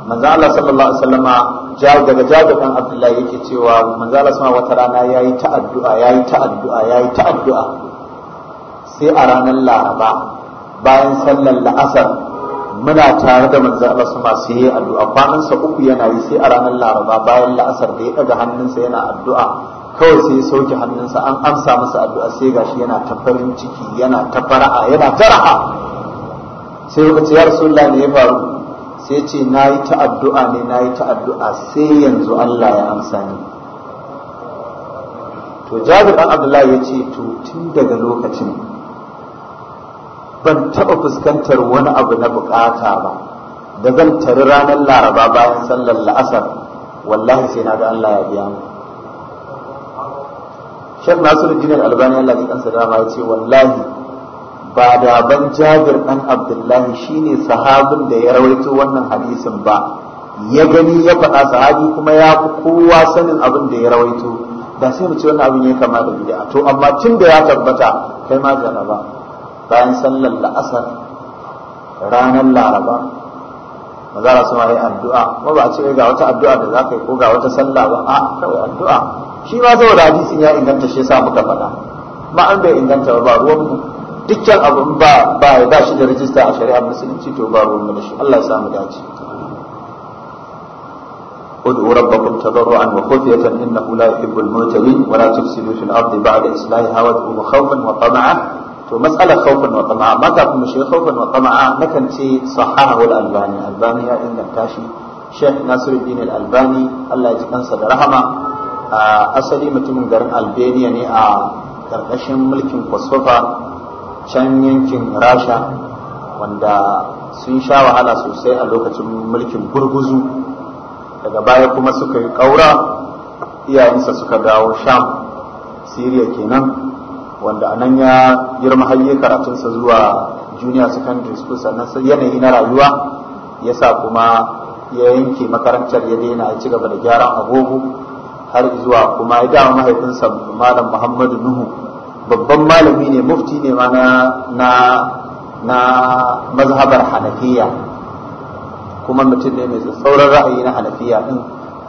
manzo Allah sallallahu alaihi wasallama daga jabir abdullahi yake cewa manzala wata rana ya yi ta'addu'a ya yi ta'addu'a ya yi ta'addu'a, sai a ranar laraba bayan sallar la'asar muna tare da manzala sama yi addu'a kwanansa uku yana yi sai a ranar laraba bayan la'asar da ya ɗaga hannunsa yana addu'a kawai sai ya sauke hannunsa an amsa masa addu'a sai gashi yana ta farin ciki yana ta fara'a yana ta raha sai ya ce ya rasulullahi ne ya faru sai ce na yi ta addu'a ne na yi ta addu'a sai yanzu Allah ya amsa ni to jabir ɗan abdullahi ya ce to tun daga lokacin ban taɓa fuskantar wani abu na bukata ba da zan tari ranar laraba bayan sallar la'asar wallahi sai na ga Allah ya biya mu shek nasiru jinar albani Allah ya kansa ya ce wallahi ba da ban jabir ɗan abdullahi shine sahabin da ya rawaito wannan hadisin ba ya gani ya faɗa sahabi kuma ya fi kowa sanin abin da ya rawaito da sai mu ce wannan abin ya kama da bid'a to amma tun da ya tabbata kai ma jaraba bayan sallar la'asar ranar laraba maza su yi addu'a kuma ba a ce ga wata addu'a da za ka yi ko ga wata sallah ba a kawai addu'a shi ma saboda hadisin ya inganta shi yasa muka faɗa ma an bai inganta ba ruwan mu dukkan abun ba ba ba shi da rijista a shari'ar musulunci to ba ruwan da shi Allah ya samu dace ادعوا ربكم تضرعا وخفية إنه لا يحب المعتدين ولا تفسدوا في الأرض بعد إصلاحها وادعوه خوفا وطمعا to matsalar khaufin wa tama'a maka kuma shi khaufin wa tama'a nakan ce sahahu al-albani albani ya inganta shi Sheikh Nasiruddin al-Albani Allah ya da rahama asali mutumin garin Albania ne a karkashin mulkin Kosofa can yankin rasha wanda sun sha wahala sosai a lokacin mulkin gurguzu daga baya kuma suka yi ƙaura iyayensa suka dawo sham siriya kenan wanda anan ya girma har hayye karatunsa zuwa junior secondary school sannan yanayi na rayuwa ya sa kuma ya yanke makarantar ya daina ya ci gaba da gyaran agogo har zuwa kuma ya dawo mahaifinsa malam muhammadu nuhu babban malami ne mufti ne ma na na mazhabar hanafiya kuma mutum ne mai tsauran ra'ayi na hanafiya din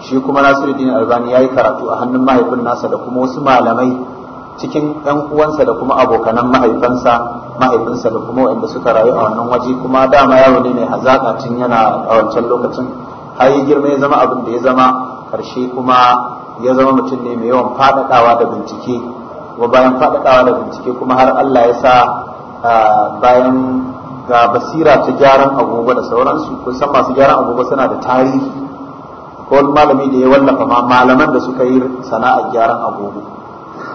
shi kuma nasiruddin albani ya yi karatu a hannun mahaifin nasa da kuma wasu malamai cikin yan uwansa da kuma abokanan mahaifinsa mahaifinsa da kuma wanda suka rayu a wannan waje kuma dama yaro ne mai hazaƙa tun yana a wancan lokacin har ya girma ya zama abin da ya zama karshe kuma ya zama mutum ne mai yawan faɗaɗawa da bincike kuma bayan faɗaɗawa da bincike kuma har Allah ya sa bayan ga basira ta gyaran agogo da sauransu kun san masu gyaran agogo suna da tarihi ko malami da ya wallafa ma malaman da suka yi sana'ar gyaran agogo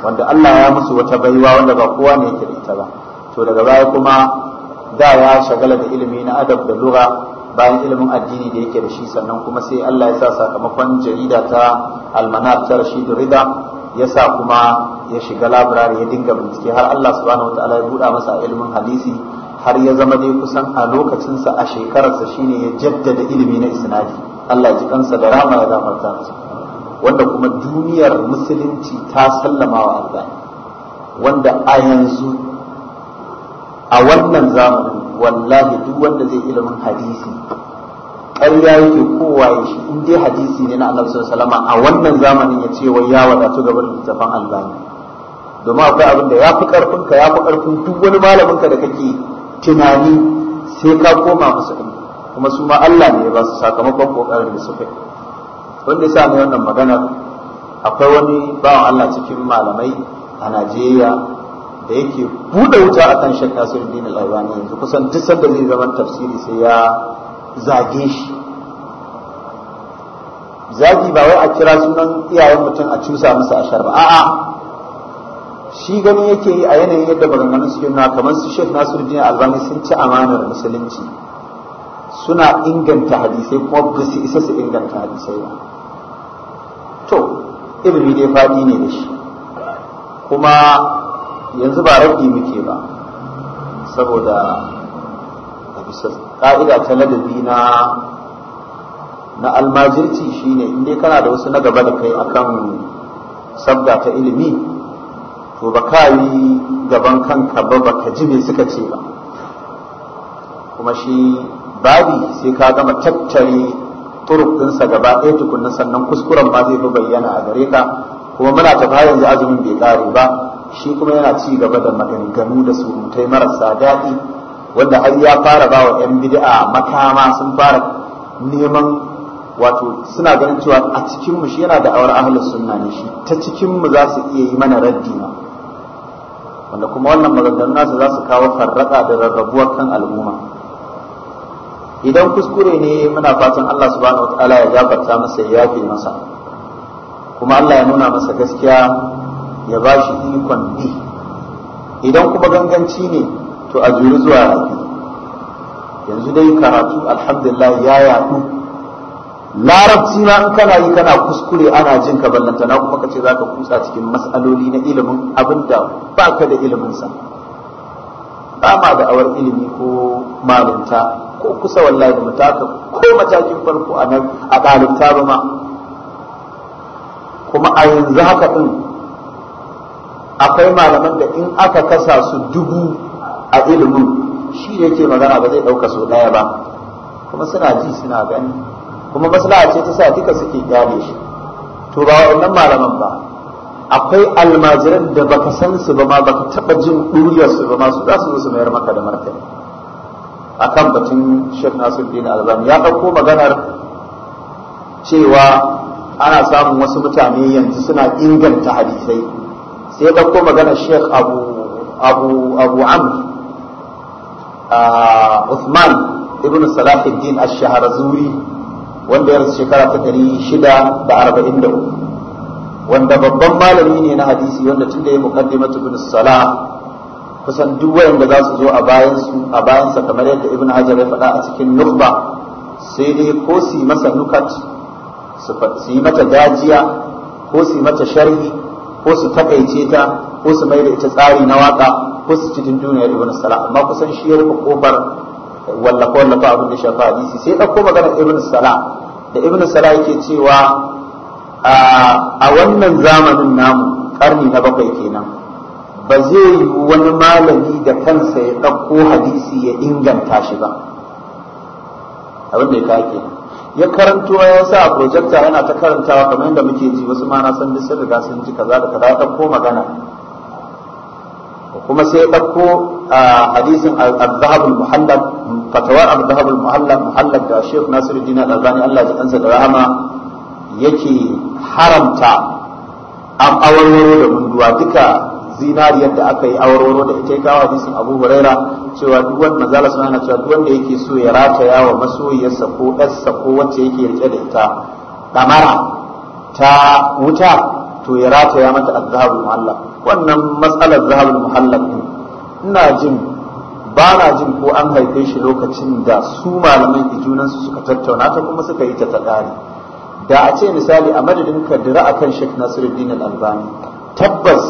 wanda Allah ya musu wata baiwa wanda ba kowa ne yake ita ba to daga baya kuma da ya shagala da ilimi na adab da lura bayan ilimin addini da yake da shi sannan kuma sai Allah ya sa sakamakon jarida ta almanar ta Rashidu Rida ya sa kuma ya shiga labirari ya dinga bincike har Allah subhanahu wa ta'ala ya buɗa masa ilimin hadisi har ya zama dai kusan a lokacinsa a shekararsa shine ya jaddada ilimi na isnadi Allah ji kansa da rama ya gafarta masa wanda kuma duniyar musulunci ta sallama wa Allah wanda a yanzu a wannan zamanin wallahi duk wanda zai ilimin hadisi ƙarya yake kowa ya shi in dai hadisi ne na Allah sallallahu alaihi wasallam a wannan zamanin ya ce wai ya wadatu gaban littafin albani domin akwai abin da ya fi ƙarfinka ya fi ƙarfin duk wani malamin ka da kake tunani sai ka koma musu ɗin kuma su ma Allah ne ya ba su sakamakon ƙoƙarin da suka yi wanda ya sa ni wannan magana akwai wani bawan Allah cikin malamai a Najeriya da yake buɗe wuta a kan shakka Nasiruddin Al-Albani yanzu kusan duk sanda zai zama tafsiri sai ya zage shi zagi ba wai a kira sunan iyayen mutum a cusa musu ashar ba a'a shi gani yake yi a yanayin yadda maganganun suke nuna kamar su Sheikh Nasiruddin Albani sun ci amanar musulunci suna inganta hadisai kuma ba su isa su inganta hadisai ba to ilimi dai faɗi ne da shi kuma yanzu ba rabbi muke ba saboda bisa ka'ida ta ladabi na na almajirci shine in dai kana da wasu na gaba da kai akan sabda ta ilimi to ba ka yi gaban kanka ba ba ka ji me suka ce ba kuma shi babi sai ka gama tattare turukinsa gaba ɗaya tukunna sannan kuskuren ba zai fi bayyana a gare ka kuma muna tafa har yanzu azumin bai ƙare ba shi kuma yana ci gaba da maganganu da surutai marasa daɗi wanda har ya fara ba wa 'yan bid'a makama sun fara neman wato suna ganin cewa a cikinmu shi yana da awar ahlus sunna ne shi ta cikinmu za su iya yi mana raddi ma wanda kuma wannan maganganun nasu za su kawo farraka da rarrabuwar kan al'umma idan kuskure ne muna fatan Allah subhanahu wataala ya gafarta masa ya yafe masa kuma Allah ya nuna masa gaskiya ya ba shi ikon bi idan kuma ganganci ne to a juri zuwa rafi yanzu dai karatu alhamdulillah ya yadu larabci ma in kana yi kana kuskure ana jin ka ballanta na kuma kace zaka kusa cikin mas'aloli na ilimin abinda baka da ilimin sa ba ma da awar ilimi ko malinta ko kusa wallahi da mutaka ko matakin farko a nan a ɗalibta ba kuma a yanzu haka ɗin akwai malaman da in aka kasa su dubu a ilimin shi yake magana ba zai ɗauka sau ɗaya ba kuma suna ji suna gani kuma maslaha ce ta sa duka suke gane shi to ba wannan malaman ba akwai almajiran da baka san su ba ma baka taba jin duriyar su ba ma su za su zo su mayar maka da martani akan batun Sheikh Nasiruddin Albani ya dauko maganar cewa ana samun wasu mutane yanzu suna inganta hadisai sai ya dauko maganar Sheikh Abu Abu Abu Amr ah, Uthman ibn Salahuddin Ash-Shahrazuri wanda ya rasu shekara ta ɗari shida da arba'in da uku wanda babban malami ne na hadisi wanda tun da ya muqaddimatu bin sala kusan duk wanda za su zo a bayan a bayan kamar yadda ibn hajar ya faɗa a cikin nukhba sai dai ko su yi masa nukat su yi mata dajiya ko su yi mata sharhi ko su takaice ta ko su mai da ita tsari na waka ko su ci da ibn sala amma kusan shi ya rufe kofar wallafa wallafa abin da shafa hadisi sai ɗauko maganar ibn sala da ibn salah yake cewa a wannan zamanin namu karni na bakwai kenan ba zai yi wani malami da kansa ya ɗauko hadisi ya inganta shi ba abin da ya kake ya karanto ya sa a projecta yana ta karantawa kamar yadda muke ji wasu mana na san duk sun riga sun ji kaza da kaza ta ɗauko magana kuma sai ya ɗauko A hadisin al-dhahab al-muhallab fatawar al-dhahab al-muhallab da Sheikh Nasiruddin Al-Albani Allah ya da rahama yake haramta an awarwaro da munduwa duka zinariyar da aka yi awarwaro da ita kawo hadisin Abu Huraira cewa duk wanda manzala suna cewa duk wanda yake so ya rataya wa masoyiyarsa ko ɗarsa ko wacce yake rike da ita damara ta wuta to ya rataya mata azhabul muhallab wannan matsalar zahabul muhallab din ina jin ba na jin ko an haife shi lokacin da su malaman junansu suka tattauna ta kuma suka yi ta tsakani da a ce misali a madadin kadira akan Sheikh Nasiruddin Al-Albani tabbas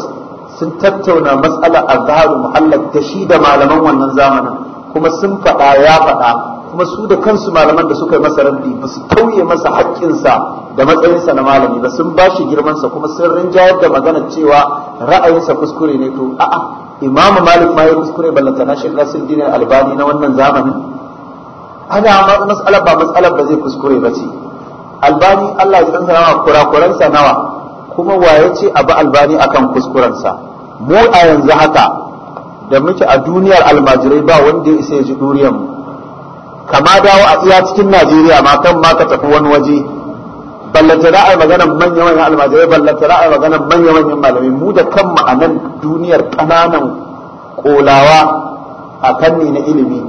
sun tattauna matsalar zaharu muhallar da shi da malaman wannan zamanin kuma sun faɗa ya faɗa kuma su da kansu malaman da suka yi masa rabbi ba su tauye masa haƙƙinsa da matsayinsa na malami ba sun ba shi girmansa kuma sun rinjayar da magana cewa ra'ayinsa kuskure ne to a'a imamu malik ma ya kuskure ballanta na shekar sirdinar albani na wannan zamanin ana mas'alar ba mas'alar ba zai kuskure ba ce albani allah ya kansa nawa kurakuransa nawa kuma waye ce abu albani akan kuskurensa mu a yanzu haka da muke a duniyar almajirai ba wanda ya isa ya ji duriyar mu kama dawo a tsiya cikin najeriya ma kan ma ka tafi wani waje ballanta ra'ayi magana manya manyan almajirai ballanta ra'ayi magana manya manyan malami mu da kanmu a nan duniyar kananan kolawa a fanni na ilimi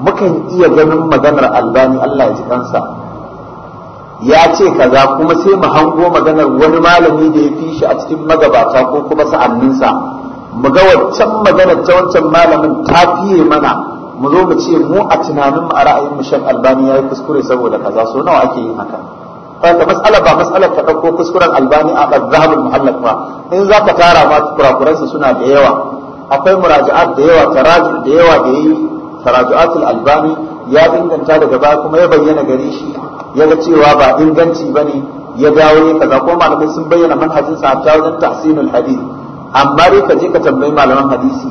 mukan iya ganin maganar albani Allah ya ji kansa ya ce kaza kuma sai mu hango maganar wani malami da ya fi shi a cikin magabata ko kuma sa'anninsa mu ga waccan maganar ta wancan malamin ta fiye mana mu zo mu ce mu a tunanin mu a ra'ayin mu shan albani ya yi kuskure saboda kaza so nawa ake yin haka kaga mas'ala ba mas'alar ka ɗauko kuskuren albani a ɗazzahabul muhallak ba in za ka tara ma kurakuransu suna da yawa akwai murajaat da yawa tarajul da yawa da yi tarajuatul albani ya inganta daga baya kuma ya bayyana gare shi ya ga cewa ba inganci ba ne ya dawo ya kaza ko malamai sun bayyana manhajin sa ta wajen tahsinul hadith amma dai ka je ka tambayi malaman hadisi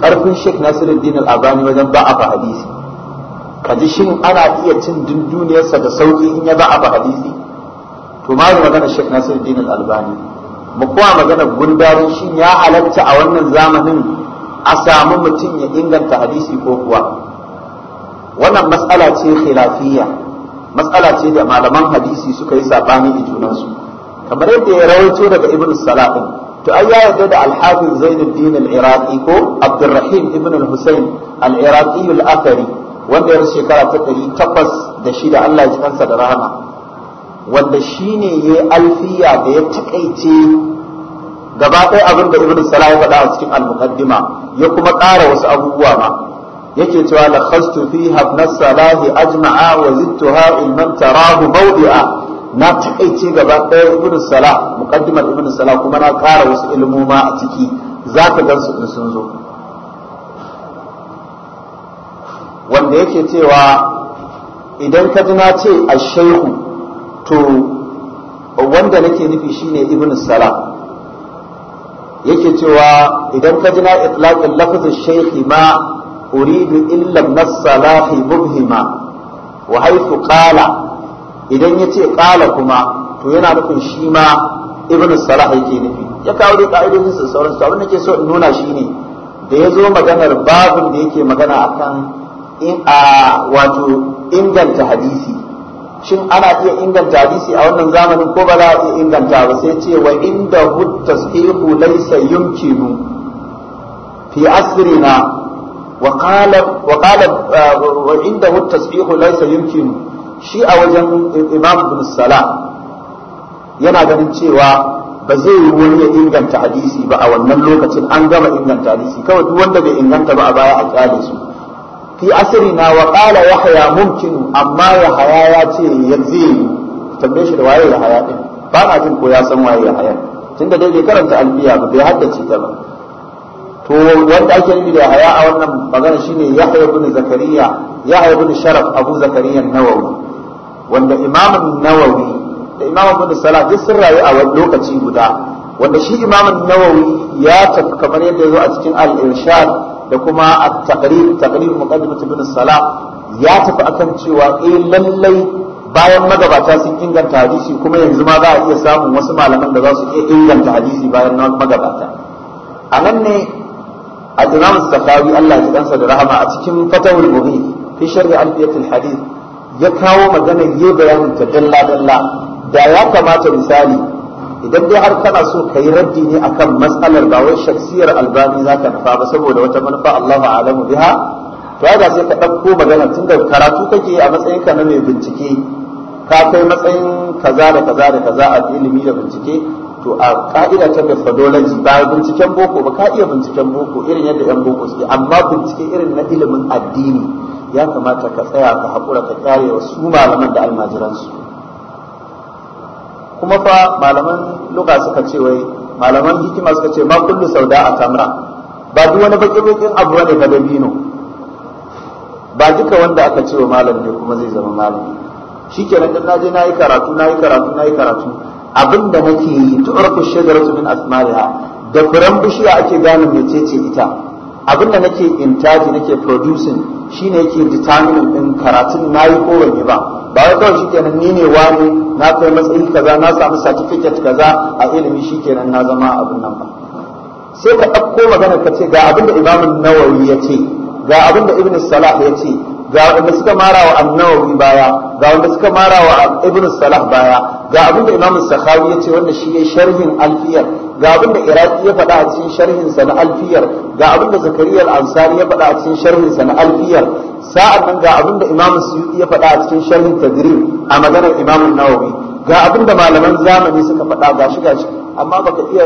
karfin Sheikh Nasiruddin albani wajen ba afa hadisi kaji shin ana iya cin dunduniyarsa da sauki in ya ba afa hadisi to ma da magana Sheikh Nasiruddin albani mu kuma magana gundari shin ya halatta a wannan zamanin a samu mutum ya inganta hadisi ko kuwa wannan matsala ce khilafiyya matsala ce da malaman hadisi suka yi sabani da junansu kamar yadda ya rawaito daga Ibn Salahin to ai ya yarda da Al-Hafiz Zainuddin Al-Iraqi ko Abdurrahim Ibn Al-Husayn Al-Iraqi Al-Athari wanda ya shekara ta 806 Allah ya ji kansa da rahama wanda shi shine yi alfiya da ya takaice gaba ɗaya abin da ibn salah ya faɗa a cikin al-muqaddima ya kuma ƙara wasu abubuwa ma yake cewa la khastu fi habna salahi ajma'a wa zidtuha ilman tarahu mawdi'a na taƙaice gaba ɗaya ibn salah muqaddimar ibn salah kuma na ƙara wasu ilmuma a ciki za ka gan su in sun zo wanda yake cewa idan ka ji na ce a shehu to wanda nake nufi shine ibn salam yake cewa idan ka ji na itlaqin lafazin shaykhi ma uridu illa nasalahi mubhima wa haythu qala idan yace qala kuma to yana nufin shi ma ibn salah yake nufi ya kawo dai ka'idojin su sauran su abin da ke so in nuna shi ne da ya zo maganar babin da yake magana akan in a wato inganta hadisi shin ana iya inganta hadisi a wannan zamanin ko ba za a iya inganta ba sai ce wa inda hu laysa yumkinu fi asrina wa qala wa qala ah, wa inda laysa yumkinu shi a wajen imam ibn salah yana ganin cewa ba zai yi wani ya inganta hadisi ba a wannan lokacin an gama inganta hadisi kawai duk wanda bai inganta ba a baya a kyale su fi asrina wa qala yahya mumkin amma yahya ya ce yanzu tambaye shi da waye yahya din ba na jin ko ya san waye yahya tunda dai bai karanta alfiya ba bai haddace ta ba to wanda ake nufi da yahya a wannan magana shine yahya ibn zakariya ya yahya ibn sharaf abu zakariya nawawi wanda imam nawawi da imam ibn salah duk sun rayu a wani lokaci guda wanda shi imam nawawi ya tafi kamar yadda ya zo a cikin al-irshad da kuma at-taqrir taqrir muqaddimat ibn salam ya tafi akan cewa eh lallai bayan magabata sun inganta hadisi kuma yanzu ma za a iya samun wasu malaman da za su iya inganta hadisi bayan magabata a nan ne a imam sakawi Allah ya kansa da rahama a cikin fatawul mubin fi sharh al-fiyatul hadith ya kawo maganar yayin bayanin ta dalla dalla da ya kamata misali idan dai har kana so ka yi raddi ne kan matsalar ba wai shaksiyar albani za ka nufa ba saboda wata manufa Allah alamu biha to ya sai ka ɗauko magana tun da karatu kake a matsayin ka na mai bincike ka kai matsayin kaza da kaza da kaza a ilimi da bincike to a ka'ida ta methodology ba binciken boko ba ka iya binciken boko irin yadda yan boko suke amma bincike irin na ilimin addini ya kamata ka tsaya ka haƙura ka kare wa su malaman da almajiransu kuma fa malaman luka suka ce wai malaman hikima suka ce ma kullu sauda a tamra ba duk wani baki bakin abu ne fa dabino ba duka wanda aka ce wa malam ne kuma zai zama malami shikenan dan naje nayi karatu nayi karatu nayi karatu abinda nake yi tu'rafu shajaratu min asmariha da furan bishiya ake gane mecece ita abin da nake in intaji nake producing shine yake determining din karatun nayi ko ban ba ba wai kawai shikenan ni ne wani na kai matsayi kaza na samu certificate kaza a ilimi shikenan na zama abin nan ba sai ka ɗauko magana ka ce ga abin da imamin nawawi ya ce ga abin da ibn salah ya ce ga wanda suka mara wa annawawi baya ga wanda suka mara wa ibn salah baya ga abin da imamu yace ya ce wanda shi ya sharhin alfiyar ga abin da iraki ya faɗa a cikin sharhin sa na alfiyar ga abin da zakariya al-ansari ya faɗa a cikin sharhin sa na alfiyar sa'an nan ga abin da imamu suyuti ya faɗa a cikin sharhin tadrib a maganar imamu nawawi ga abin da malaman zamani suka faɗa gashi gashi amma baka iya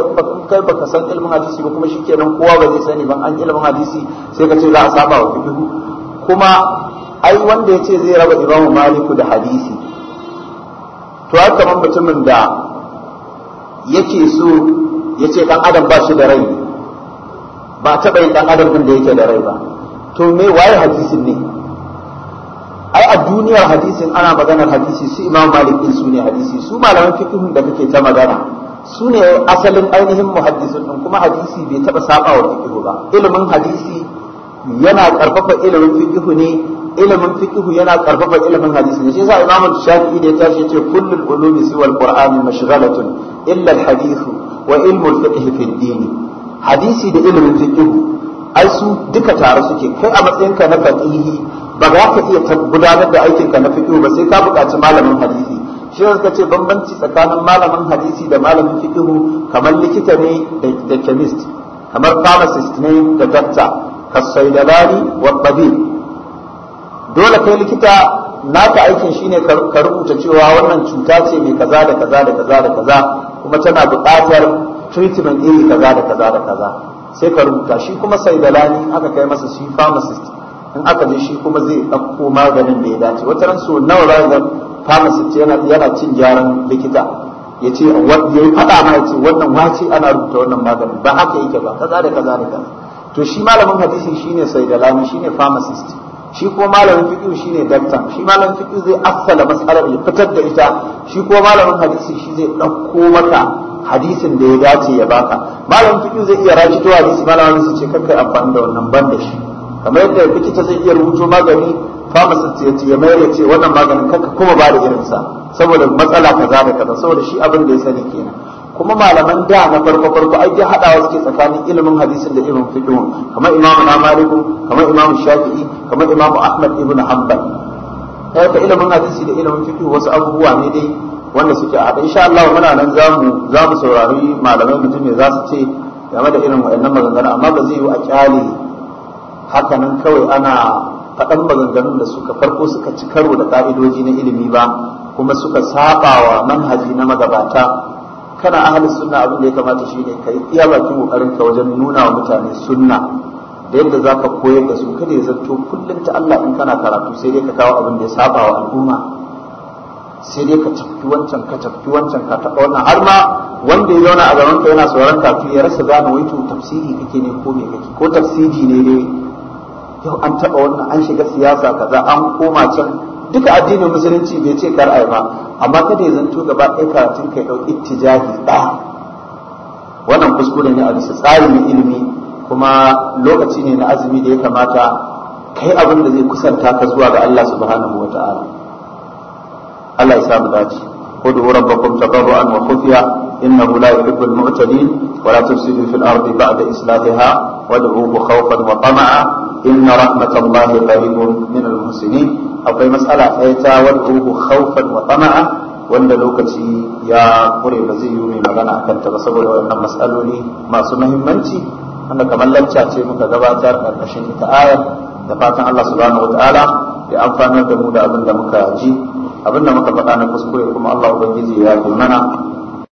kai baka san ilmin hadisi ba kuma shikenan kowa ba zai sani ba an ilmin hadisi sai ka ce za a saba wa fiqhu kuma ai wanda ya ce zai raba imamu maliku da hadisi to har kamar mutumin da yake so ya ce ɗan adam ba shi da rai ba taɓa yin ɗan adam din da yake da rai ba to me waye hadisin ne ai a duniyar hadisin ana maganar hadisi su imam malik din su ne hadisi su malaman fiqh da kake ta magana su ne asalin ainihin muhaddisin din kuma hadisi bai taba saɓa wa fiqh ba ilimin hadisi yana karfafa ilimin fiqhu ne ilimin fiqhu yana karfafa ilimin hadisi ne shi yasa Imam Shafi'i da ya tashi yace kullul ulumi siwa al-Qur'ani mashghalatun illa al-hadith wa ilmu al-fiqh fi ad-din hadisi da ilimin fiqhu ai su duka tare suke kai a matsayinka na faqihi ba za ka iya gudanar da aikinka na fiqhu ba sai ka buƙaci malamin hadisi shi suka ce bambanci tsakanin malamin hadisi da malamin fikihu kamar likita ne da chemist kamar pharmacist ne da doctor as-saydalani wa tabib dole kai likita naka aikin shine ka rubuta cewa wannan cuta ce mai kaza da kaza da kaza da kaza kuma tana buƙatar treatment iri kaza da kaza da kaza sai ka rubuta shi kuma saidalani aka kai masa shi pharmacist in aka je shi kuma zai ɗauko maganin da ya dace wata ran so nawa za ga pharmacist yana yana cin gyaran likita ya ce ya fada mai ce wannan wace ana rubuta wannan maganin ba haka yake ba kaza da kaza da kaza to shi malamin hadisi shine saidalani shine pharmacist shi ko malamin fiqh shine doctor shi malamin fiqh zai asala mas'alar ya fitar da ita shi ko malamin hadisi shi zai dauko maka hadisin da ya dace ya baka malamin fiqh zai iya rajito hadisi malamin su ce kakkai amfani da wannan ban da shi kamar yadda likita zai iya rubuto magani pharmacist ya ce ya mayar ya ce wannan maganin kakka kuma ba da irinsa saboda matsala kaza da kaza saboda shi abin da ya sani kenan kuma malaman da na farko farko ai dai hadawa suke tsakanin ilimin hadisin da ilimin fiqh kamar imamu na maliku kamar imamu shafi'i kamar imamu ahmad ibn hanbal kai ka ilimin hadisi da ilimin fiqh wasu abubuwa ne dai wanda suke a haɗa insha Allah muna nan zamu zamu saurari malamai mutum ne za su ce game da irin waɗannan maganganu amma ba zai yi a kyale haka nan kawai ana faɗan maganganun da suka farko suka ci karo da ƙa'idoji na ilimi ba kuma suka saba wa manhaji na magabata kana ahalin sunna abin da ya kamata shi ne ka yi iya bakin kokarin ka wajen nuna wa mutane sunna da yadda za ka koyar da su kada ya zanto kullum ta Allah in kana karatu sai dai ka kawo abin da ya saba wa al'umma sai dai ka tafi wancan ka tafi wancan ka taɓa wannan har ma wanda ya zauna a gaban ka yana sauran kafi ya rasa gane wai to tafsiri kake ne ko me kake ko tafsiri ne dai yau an taɓa wannan an shiga siyasa kaza an koma can duka addinin musulunci bai ce kar ai ba amma kada ya zanto gaba ɗaya karatun ka ɗau ittijahi ɗa wannan kuskure ne a bisa tsarin ilimi kuma lokaci ne na azumi da ya kamata kai abin da zai kusanta ka zuwa ga Allah subhanahu wa ta'ala Allah ya samu dace ko da wurin bakwam tabarru an makofiya in na hula ya mutane wa la tafsiru fil ardi ba da islahiha wa da ubu khawfan in na rahmatan lahi qaribun min al-muhsinin akwai matsala ɗaya ta wadda khawfan wa tama'a wanda lokaci ya kure ba zai yi mai magana akan ta ba saboda wannan matsaloli masu mahimmanci. wanda kamar lacca ce muka gabatar ƙarƙashin ita aya da fatan Allah subhanahu wataala ya amfanar da mu da abin da muka ji abin da muka faɗa na kuskure kuma Allah ubangiji ya mana